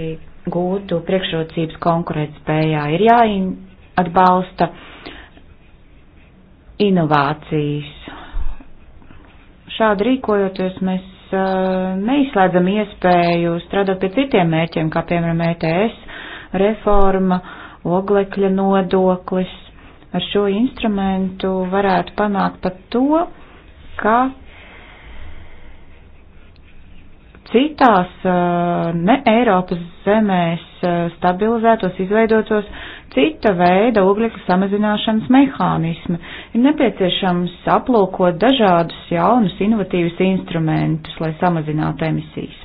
gūtu priekšrocības konkurētspējā. Ir jāatbalsta inovācijas. Šādi rīkojoties mēs uh, neizslēdzam iespēju strādāt pie citiem mērķiem, kā piemēram ETS reforma, oglekļa nodoklis. Ar šo instrumentu varētu panākt pat to, ka citās eh, ne Eiropas zemēs eh, stabilizētos, izveidotos cita veida oglekļa samazināšanas mehānismi. Ir nepieciešams aplūkot dažādus jaunus inovatīvus instrumentus, lai samazinātu emisijas.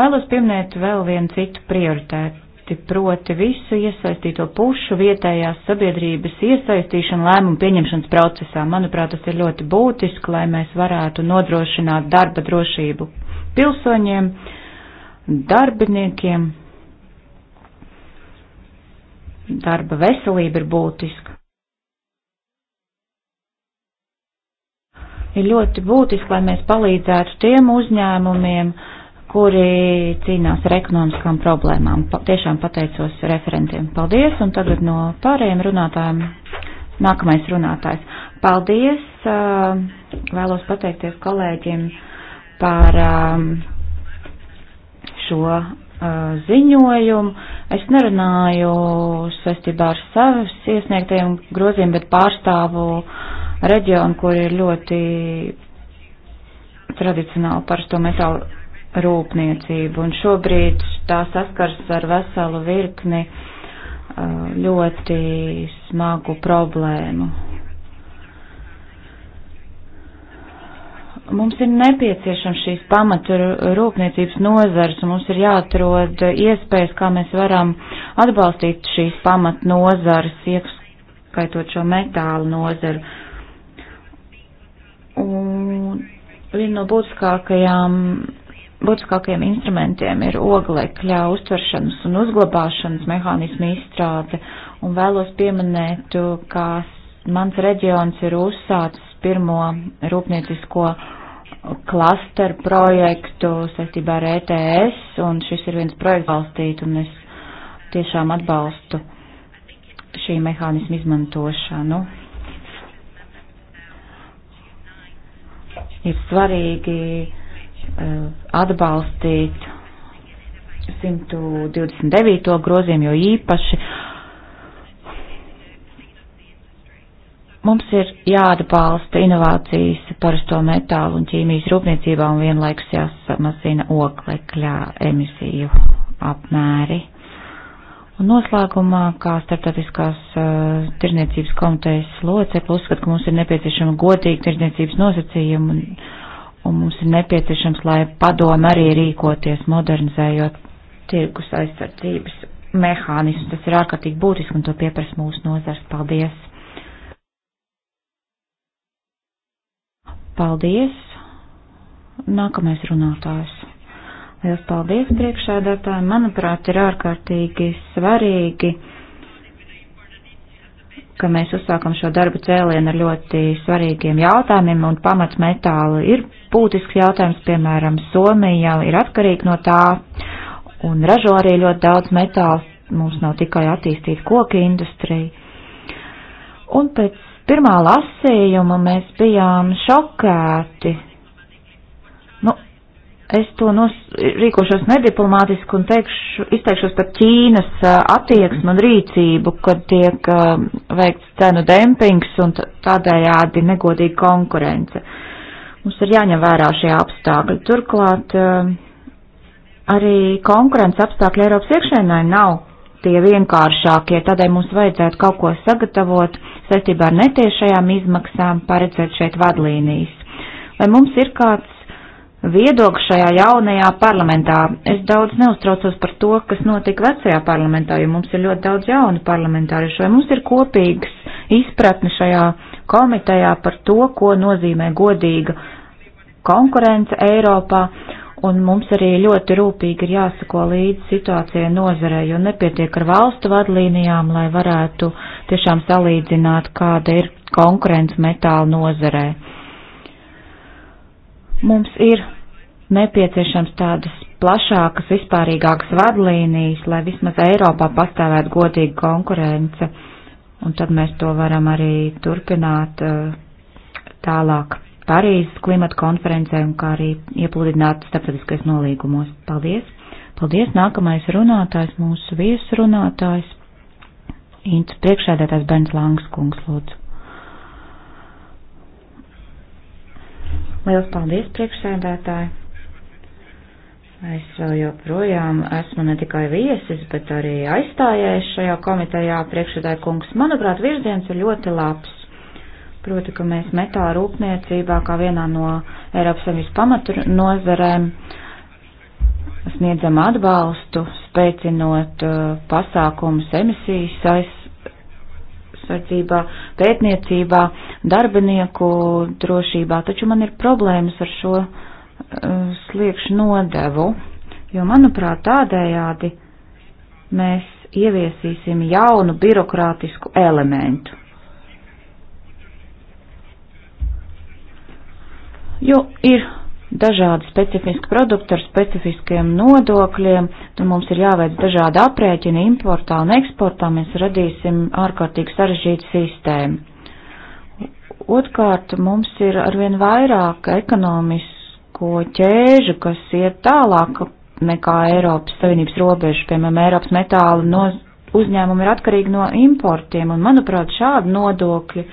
Vēlos pieminēt vēl vienu citu prioritētu aspekti, proti visu iesaistīto pušu vietējās sabiedrības iesaistīšana lēmumu pieņemšanas procesā. Manuprāt, tas ir ļoti būtiski, lai mēs varētu nodrošināt darba drošību pilsoņiem, darbiniekiem. Darba veselība ir būtiska. Ir ļoti būtiski, lai mēs palīdzētu tiem uzņēmumiem, uh, kuri cīnās ar ekonomiskām problēmām. Pa, tiešām pateicos referentiem. Paldies, un tagad no pārējiem runātājiem nākamais runātājs. Paldies, vēlos pateikties kolēģiem par šo ziņojumu. Es nerunāju saistībā ar savas iesniegtajiem groziem, bet pārstāvu reģionu, kur ir ļoti tradicionāli parasto metālu rūpniecību, un šobrīd tā saskars ar veselu virkni uh, ļoti smagu problēmu. Mums ir nepieciešams šīs pamatu rūpniecības nozars, un mums ir jāatrod iespējas, kā mēs varam atbalstīt šīs pamatu nozars, ieskaitot šo metālu nozaru. Un viena no būtiskākajām būtiskākajiem instrumentiem ir oglekļa uztveršanas un uzglabāšanas mehānismu izstrāde, un vēlos pieminēt, ka mans reģions ir uzsācis pirmo rūpniecisko klasteru projektu saistībā ar ETS, un šis ir viens projekts balstīt, un es tiešām atbalstu šī mehānismu izmantošanu. Ir svarīgi Eh, atbalstīt 129. grozījumu, jo īpaši mums ir jāatbalsta inovācijas parasto metālu un ķīmijas rūpniecībā un vienlaikus jāsamazina oglekļa emisiju apmēri. Un noslēgumā, kā starptautiskās uh, eh, tirniecības komitejas locekli, uzskat, ka mums ir nepieciešama godīga tirniecības nosacījuma un un mums ir nepieciešams, lai padome arī rīkoties, modernizējot tirgus aizsardzības mehānismu. Tas ir ārkārtīgi būtiski un to pieprasa mūsu nozars. Paldies! Paldies! Nākamais runātājs. Liels paldies priekšēdētājiem. Manuprāt, ir ārkārtīgi svarīgi, ka mēs uzsākam šo darbu cēlienu ar ļoti svarīgiem jautājumiem un pamats metāli ir būtisks jautājums, piemēram, Somija ir atkarīga no tā un ražo arī ļoti daudz metāls, mums nav tikai attīstīta koka industrija. Un pēc pirmā lasījuma mēs bijām šokēti. Nu, es to nos, rīkošos nediplomātiski un teikšu, izteikšos par Ķīnas attieksmu un rīcību, kad tiek um, veikts cenu dempings un tādējādi negodīga konkurence. Uh, Mums ir jāņem vērā šie apstākļi. Turklāt eh, arī konkurences apstākļi Eiropas iekšēnē nav tie vienkāršākie, tādēļ mums vajadzētu kaut ko sagatavot saistībā ar netiešajām izmaksām, paredzēt šeit vadlīnijas. Vai mums ir kāds viedoklis šajā jaunajā parlamentā? Es daudz neuztraucos par to, kas notika vecajā parlamentā, jo mums ir ļoti daudz jaunu parlamentāriešu. Vai mums ir kopīgs izpratne šajā parlamentā? komitejā par to, ko nozīmē godīga konkurence Eiropā, un mums arī ļoti rūpīgi ir jāsako līdz situācijai nozarē, jo nepietiek ar valstu vadlīnijām, lai varētu tiešām salīdzināt, kāda ir konkurence metāla nozarē. Mums ir nepieciešams tādas plašākas, vispārīgākas vadlīnijas, lai vismaz Eiropā pastāvētu godīga konkurence un tad mēs to varam arī turpināt eh, tālāk Parīzes klimata konferencē un kā arī iepludināt starptautiskais nolīgumos. Paldies! Paldies! Nākamais runātājs, mūsu viesrunātājs, Ints priekšēdētājs Bens Langs kungs, lūdzu. Liels paldies, priekšsēdētāji! Es vēl joprojām esmu ne tikai viesis, bet arī aizstājējis šajā komitejā priekšredāja kungs. Manuprāt, virziens ir ļoti labs. Proti, ka mēs metā rūpniecībā kā vienā no Eiropas Savienības pamatu nozarēm sniedzam atbalstu, spēcinot uh, pasākumus emisijas aizsardzībā, pētniecībā, darbinieku drošībā, taču man ir problēmas ar šo Eh, sliekšņu nodevu, jo, manuprāt, tādējādi mēs ieviesīsim jaunu birokrātisku elementu. Jo ir dažādi specifiski produkti ar specifiskiem nodokļiem, tad mums ir jāveic dažādi aprēķini importā un eksportā, mēs radīsim ārkārtīgi sarežģītu sistēmu. Otkārt, mums ir arvien vairāk ekonomiski ko ķēžu, kas iet tālāk nekā Eiropas Savienības robežu, piemēram, Eiropas metāla no uzņēmumi ir atkarīgi no importiem, un, manuprāt, šādi nodokļi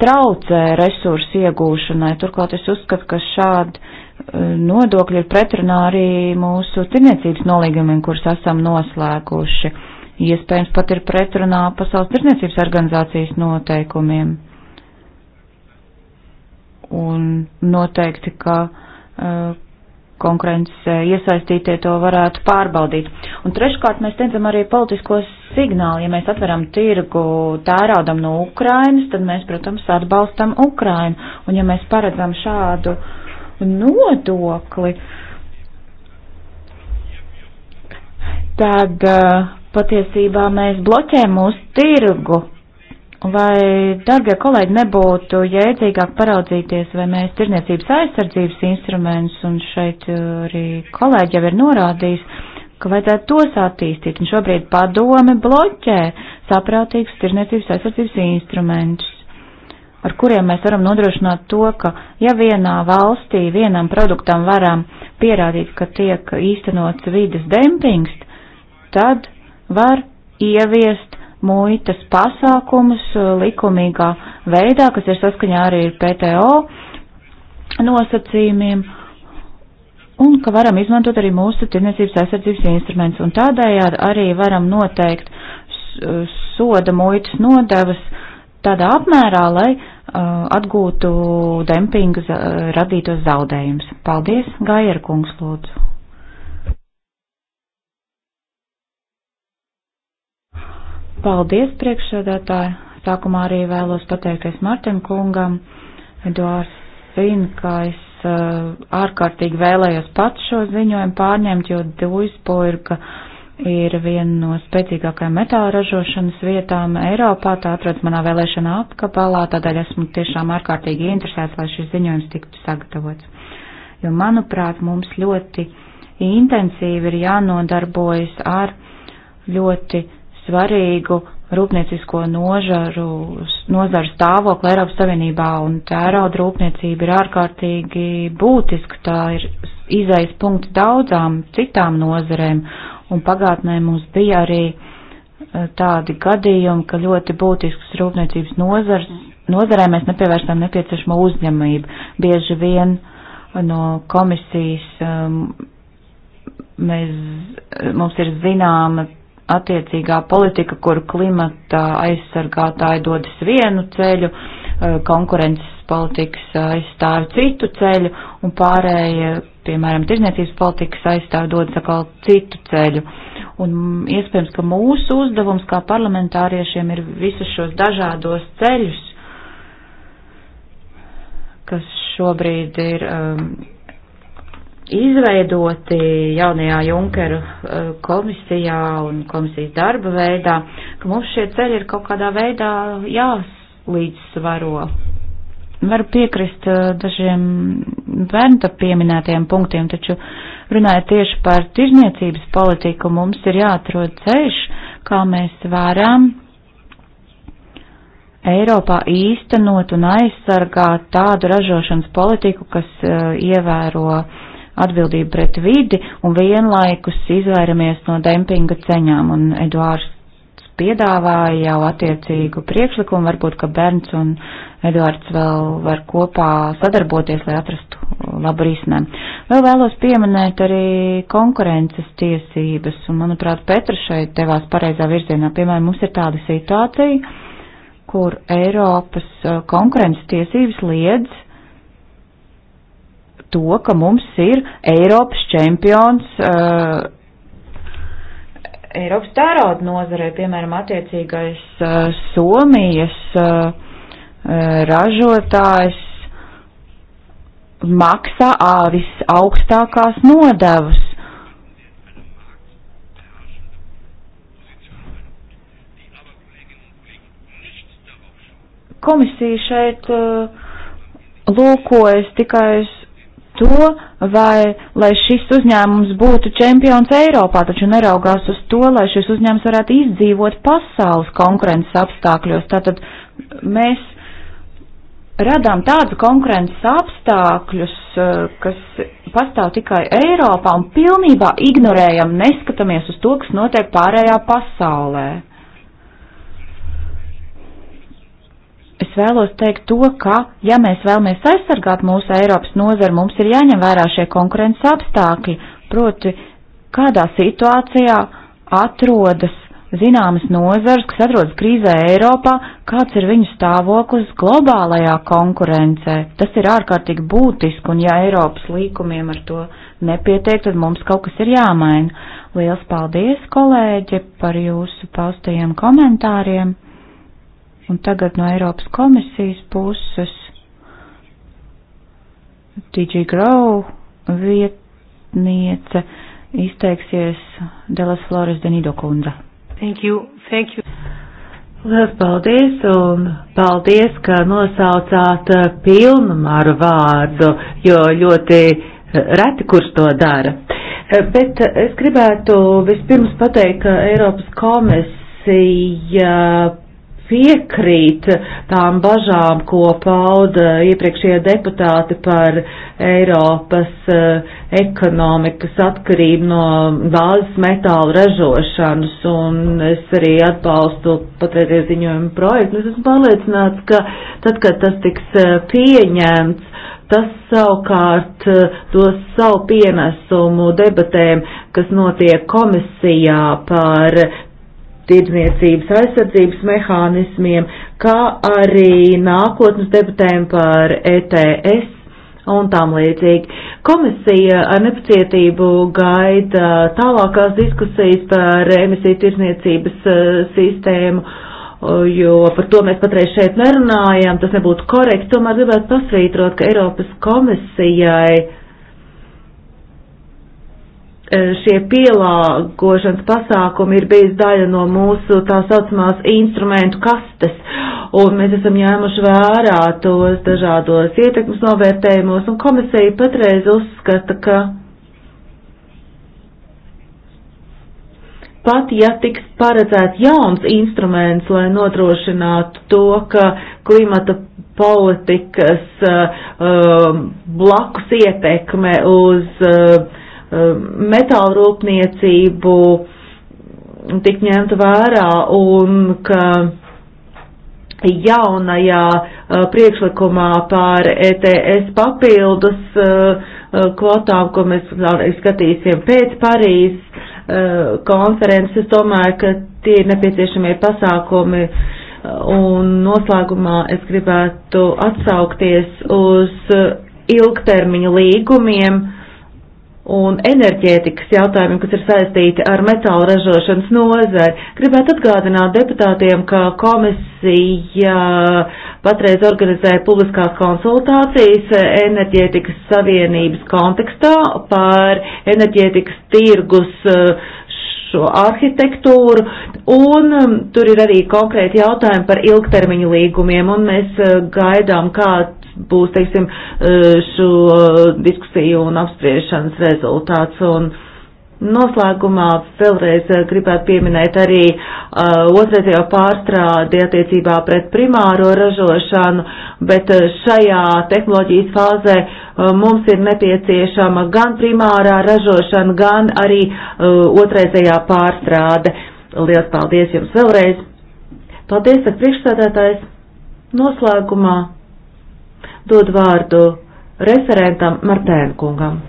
traucē resursu iegūšanai. Turklāt es uzskatu, ka šādi nodokļi ir pretrunā arī mūsu tirniecības nolīgumiem, kurus esam noslēguši. Iespējams, pat ir pretrunā Pasaules tirniecības organizācijas noteikumiem un noteikti, ka uh, konkurences eh, iesaistītie to varētu pārbaudīt. Un treškārt mēs redzam arī politisko signālu. Ja mēs atveram tirgu tērādam no Ukrainas, tad mēs, protams, atbalstam Ukrainu. Un ja mēs paredzam šādu nodokli, tad uh, patiesībā mēs bloķējam mūsu tirgu Vai, darbie kolēģi, nebūtu jēdzīgāk paraudzīties, vai mēs tirniecības aizsardzības instruments, un šeit uh, arī kolēģi jau ir norādījis, ka vajadzētu tos attīstīt, un šobrīd padome bloķē saprātīgus tirniecības aizsardzības instrumentus, ar kuriem mēs varam nodrošināt to, ka ja vienā valstī vienam produktam varam pierādīt, ka tiek īstenots vides dempings, tad var ieviest muitas pasākumus eh, likumīgā veidā, kas ir saskaņā arī ar PTO nosacījumiem, un ka varam izmantot arī mūsu tirniecības aizsardzības instruments, un tādējādi arī varam noteikt soda muitas nodevas tādā apmērā, lai uh, atgūtu dempingu uh, radītos zaudējumus. Paldies, Gairkungs, lūdzu. Paldies, priekšsēdētāji! Sākumā arī vēlos pateikties Martin kungam. Eduards zina, ka es uh, ārkārtīgi vēlējos pats šo ziņojumu pārņemt, jo Duisburga ir viena no spēcīgākajām metāla ražošanas vietām Eiropā. Tā atrodas manā vēlēšana apkabalā, tādēļ esmu tiešām ārkārtīgi interesēts, lai šis ziņojums tiktu sagatavots. Jo, manuprāt, mums ļoti intensīvi ir jānodarbojas ar ļoti svarīgu rūpniecisko nožaru, nozaru stāvokli Eiropas Savienībā, un tērauda rūpniecība ir ārkārtīgi būtiska, tā ir izaisa punkts daudzām citām nozarēm, un pagātnē mums bija arī eh, tādi gadījumi, ka ļoti būtisks rūpniecības nozars, nozarē mēs nepievērstām nepieciešamo uzņemību. Bieži vien no komisijas um, mēs, mums ir zināma attiecīgā politika, kur klimata aizsargātāji dodas vienu ceļu, eh, konkurences politikas aizstāv citu ceļu, un pārējie, piemēram, tirzniecības politikas aizstāv dodas atkal citu ceļu. Un iespējams, ka mūsu uzdevums kā parlamentāriešiem ir visus šos dažādos ceļus, kas šobrīd ir. Um, izveidoti jaunajā Junkeru e, komisijā un komisijas darba veidā, ka mums šie ceļi ir kaut kādā veidā jāslīdzsvaro. Varu piekrist e, dažiem Venta pieminētiem punktiem, taču runājot tieši par tirzniecības politiku, mums ir jāatrod ceļš, kā mēs varam Eiropā īstenot un aizsargāt tādu ražošanas politiku, kas uh, ievēro uh, atbildību pret vidi un vienlaikus izvairamies no dempinga ceņām. Un Eduārds piedāvāja jau attiecīgu priekšlikumu, varbūt, ka Bērns un Eduārds vēl var kopā sadarboties, lai atrastu labu risinājumu. Vēl vēlos pieminēt arī konkurences tiesības, un, manuprāt, Petra šeit devās pareizā virzienā. Piemēram, mums ir tāda situācija, kur Eiropas eh, konkurences tiesības liedz to, ka mums ir Eiropas čempions uh, Eiropas tērauda nozarē, piemēram, attiecīgais uh, Somijas uh, ražotājs maksā āvis augstākās nodevas. Komisija šeit uh, lūkojas tikai uz to, vai, lai šis uzņēmums būtu čempions Eiropā, taču neraugās uz to, lai šis uzņēmums varētu izdzīvot pasaules konkurences apstākļos. Tātad mēs radām tādu konkurences apstākļus, eh, kas pastāv tikai Eiropā un pilnībā ignorējam, neskatamies uz to, kas notiek pārējā pasaulē. es vēlos teikt to, ka, ja mēs vēlamies aizsargāt mūsu Eiropas nozaru, mums ir jāņem vērā šie konkurences apstākļi, proti, kādā situācijā atrodas zināmas nozars, kas atrodas krīzē Eiropā, kāds ir viņu stāvoklis globālajā konkurencē. Tas ir ārkārtīgi būtiski, un ja Eiropas līkumiem ar to nepietiek, tad mums kaut kas ir jāmaina. Liels paldies, kolēģi, par jūsu paustajiem komentāriem! Un tagad no Eiropas komisijas puses DG Grau vietniece izteiksies Delas Flores Denido kundze. Thank you, thank you. Lielas paldies un paldies, ka nosaucāt uh, pilnvaru vārdu, jo ļoti uh, reti kurš to dara. Uh, bet es gribētu vispirms pateikt, ka Eiropas komisija piekrīt tām bažām, ko pauda iepriekšējie deputāti par Eiropas eh, ekonomikas atkarību no bāzes metālu ražošanas, un es arī atbalstu patreizie ziņojumu projektu. Es esmu pārliecināts, ka tad, kad tas tiks eh, pieņemts, tas savukārt eh, dos savu pienesumu debatēm, kas notiek komisijā par tirdzniecības aizsardzības mehānismiem, kā arī nākotnes debatēm par ETS un tam līdzīgi. Komisija ar nepacietību gaida tālākās diskusijas par emisiju tirsniecības eh, sistēmu, jo par to mēs patreiz šeit nerunājam, tas nebūtu korekti, tomēr gribētu pasvītrot, ka Eiropas komisijai E, šie pielāgošanas pasākumi ir bijis daļa no mūsu tā saucamās instrumentu kastes, un mēs esam ņēmuši vērā tos dažādos ietekmes novērtējumos, un komisija patreiz uzskata, ka pat ja tiks paredzēts jauns instruments, lai nodrošinātu to, ka klimata politikas uh, blakus ietekme uz uh, Um, metālu rūpniecību tik ņemta vērā un ka jaunajā uh, priekšlikumā par ETS papildus uh, uh, kvotām, ko mēs skatīsim pēc Parīzes konferences, es domāju, ka tie ir nepieciešamie pasākumi. Un noslēgumā es gribētu atsaukties uz ilgtermiņa līgumiem, uh, un enerģētikas jautājumiem, kas ir saistīti ar metāla ražošanas nozari. Gribētu atgādināt deputātiem, ka komisija patreiz organizē publiskās konsultācijas enerģētikas savienības kontekstā par enerģētikas tirgus šo arhitektūru, un um, tur ir arī konkrēti jautājumi par ilgtermiņu līgumiem, un mēs uh, gaidām, kā būs, teiksim, e, šo diskusiju un apspriešanas rezultāts. Un noslēgumā vēlreiz e, gribētu pieminēt arī uh, otrreizējo pārstrādi attiecībā pret primāro ražošanu, bet šajā tehnoloģijas fāzē uh, mums ir nepieciešama gan primārā ražošana, gan arī uh, otrreizējā pārstrāde. Lielas paldies jums vēlreiz! Paldies, priekšstādātājs! Noslēgumā dod vārdu referentam Martēnu kungam.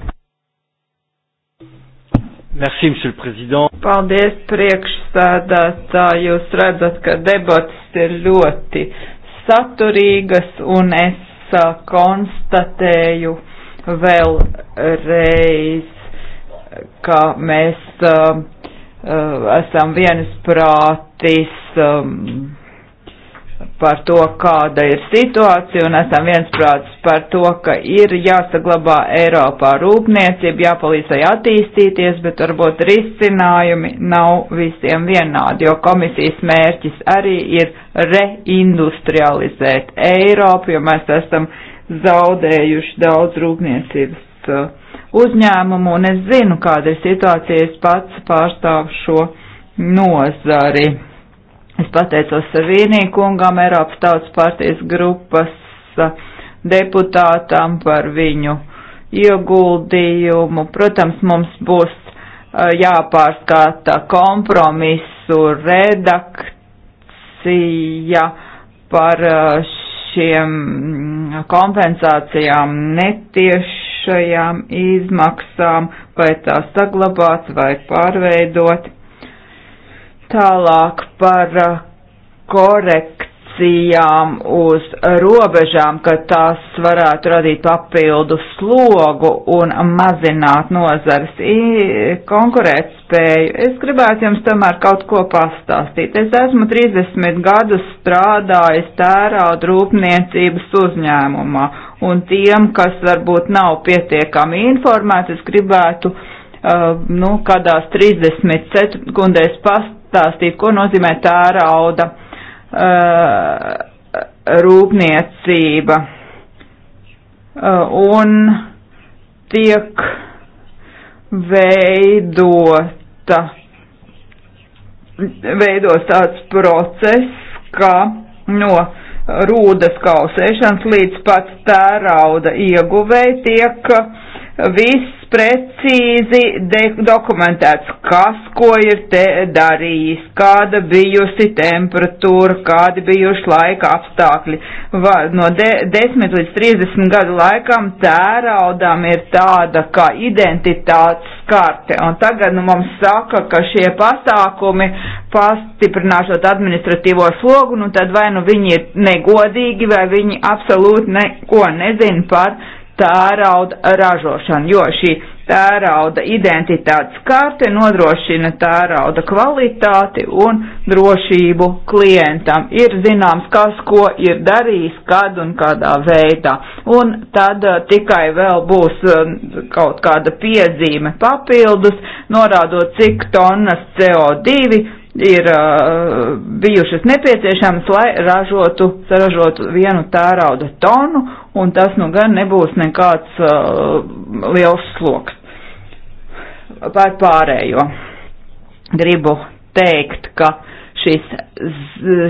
Merci, monsieur le président. Paldies, priekšsēdētāji. Jūs redzat, ka debatas ir ļoti saturīgas, un es uh, konstatēju vēlreiz, ka mēs uh, uh, esam viensprātis. Um, par to, kāda ir situācija, un esam viensprāts par to, ka ir jāsaglabā Eiropā rūpniecība, jāpalīdzai attīstīties, bet varbūt risinājumi nav visiem vienādi, jo komisijas mērķis arī ir reindustrializēt Eiropu, jo mēs esam zaudējuši daudz rūpniecības uh, uzņēmumu, un es zinu, kāda ir situācija, es pats pārstāvu šo nozari Es pateicos Savīnī kungam, Eiropas tautas partijas grupas deputātam par viņu ieguldījumu. Protams, mums būs jāpārskata kompromisu redakcija par šiem kompensācijām netiešajām izmaksām, vai tās saglabāt vai pārveidot Tālāk par uh, korekcijām uz robežām, ka tās varētu radīt papildu slogu un mazināt nozares konkurētspēju. Es gribētu jums tomēr kaut ko pastāstīt. Es esmu 30 gadus strādājis tērauda rūpniecības uzņēmumā, un tiem, kas varbūt nav pietiekami informēti, es gribētu. Uh, nu, kādās 30 sekundēs past, pastāstīt, ko nozīmē tā rauda uh, rūpniecība. Uh, un tiek veidota, veidos tāds process, ka no rūdas kausēšanas līdz pat tērauda ieguvēja tiek viss precīzi dokumentēts, kas ko ir te darījis, kāda bijusi temperatūra, kādi bijuši laika apstākļi. Va, no de, 10 līdz 30 gadu laikam tēraudām ir tāda kā identitātes karte, un tagad nu, mums saka, ka šie pasākumi pastiprināšot administratīvo slogu, nu tad vai nu viņi ir negodīgi, vai viņi absolūti neko nezin par tērauda ražošanu, jo šī tērauda identitātes karte nodrošina tērauda kvalitāti un drošību klientam. Ir zināms, kas ko ir darījis, kad un kādā veidā. Un tad uh, tikai vēl būs uh, kaut kāda piezīme papildus, norādot, cik tonnas CO2 ir uh, bijušas nepieciešamas, lai ražotu, saražotu vienu tērauda tonu, un tas nu gan nebūs nekāds uh, liels sloks. Par pārējo gribu teikt, ka šis,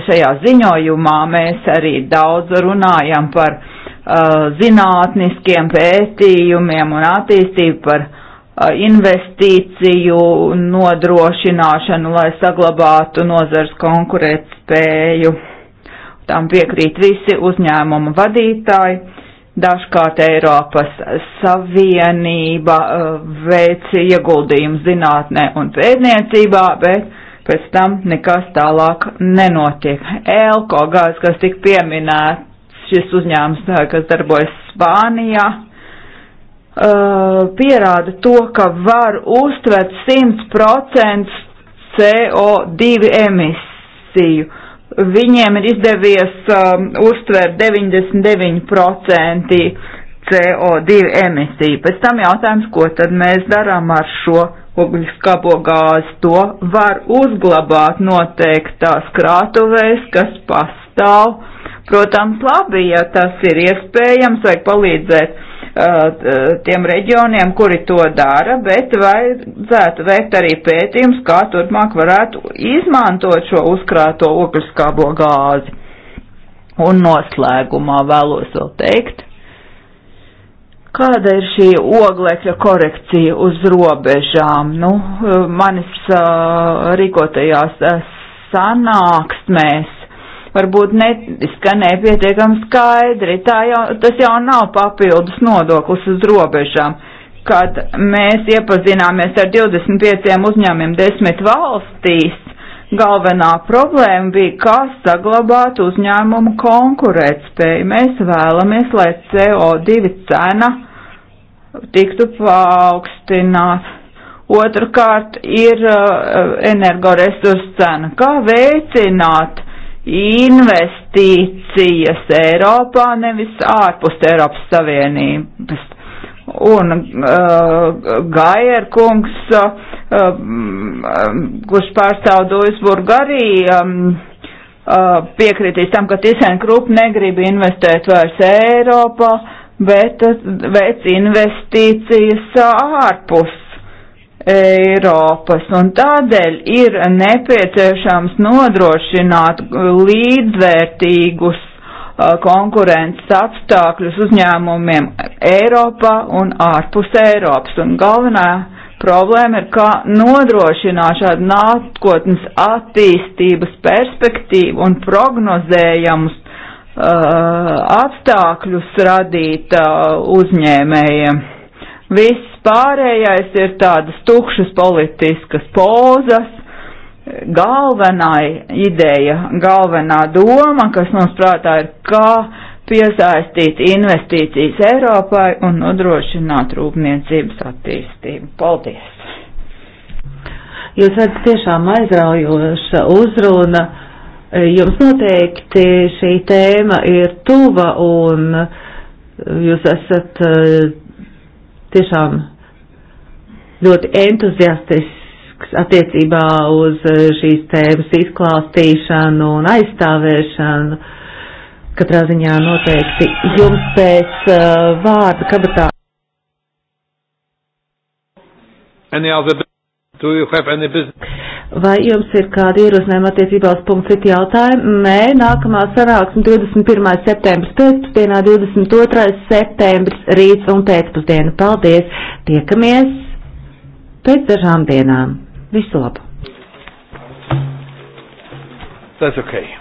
šajā ziņojumā mēs arī daudz runājam par uh, zinātniskiem pētījumiem un attīstību par uh, investīciju nodrošināšanu, lai saglabātu nozars konkurētspēju. Tam piekrīt visi uzņēmumu vadītāji. Dažkārt Eiropas Savienība veic ieguldījumus zinātnē un pētniecībā, bet pēc tam nekas tālāk nenotiek. Elko gāzes, kas tik pieminēts, šis uzņēmums, kas darbojas Spānijā, uh, pierāda to, ka var uztvert 100% CO2 emisiju. Viņiem ir izdevies um, uztvert 99% CO2 emisiju. Pēc tam jautājums, ko tad mēs darām ar šo ogliskābo gāzi. To var uzglabāt noteiktās krātuvēs, kas pastāv. Protams, labi, ja tas ir iespējams, vajag palīdzēt tiem reģioniem, kuri to dara, bet vajadzētu veikt arī pētījums, kā turpmāk varētu izmantot šo uzkrāto ogļskābo gāzi. Un noslēgumā vēlos vēl teikt, kāda ir šī oglekļa korekcija uz robežām. Nu, manis uh, rīkotajās sanāksmēs varbūt neskanēja pietiekami skaidri. Tā jau, tas jau nav papildus nodoklis uz robežām. Kad mēs iepazināmies ar 25 uzņēmumiem desmit valstīs, galvenā problēma bija, kā saglabāt uzņēmumu konkurētspēju. Mēs vēlamies, lai CO2 cena tiktu paaugstināta. Otrakārt ir uh, energoresursu cena. Kā veicināt investīcijas Eiropā, nevis ārpus Eiropas Savienības. Un uh, Gaier kungs, uh, um, kurš pārstāv Duisburgu arī, um, uh, piekritīs tam, ka Tisēn Krup negrib investēt vairs Eiropā, bet uh, veic investīcijas ārpus Eiropas, un tādēļ ir nepieciešams nodrošināt līdzvērtīgus uh, konkurences apstākļus uzņēmumiem Eiropā un ārpus Eiropas. Un galvenā problēma ir, kā nodrošināt šādu nākotnes attīstības perspektīvu un prognozējamus uh, apstākļus radīt uh, uzņēmējiem. Viss Pārējais ir tādas tukšas politiskas pozas. Galvenā ideja, galvenā doma, kas mums prātā ir, kā piesaistīt investīcijas Eiropai un nodrošināt rūpniecības attīstību. Paldies! Jūs esat tiešām aizraujoša uzruna. Jums noteikti šī tēma ir tuva un jūs esat tiešām ļoti entuziastisks attiecībā uz eh, šīs tēmas izklāstīšanu un aizstāvēšanu. Katrā ziņā noteikti jums pēc uh, vārda kabatā. Any other, do you have any business? Vai jums ir kādi ierosinājumi attiecībā uz punktu citu jautājumu? Nē, nākamā sanāksme 21. septembris pēcpusdienā, 22. septembris rīts un pēcpusdiena. Paldies! Tiekamies pēc dažām dienām. Visu labu! That's okay.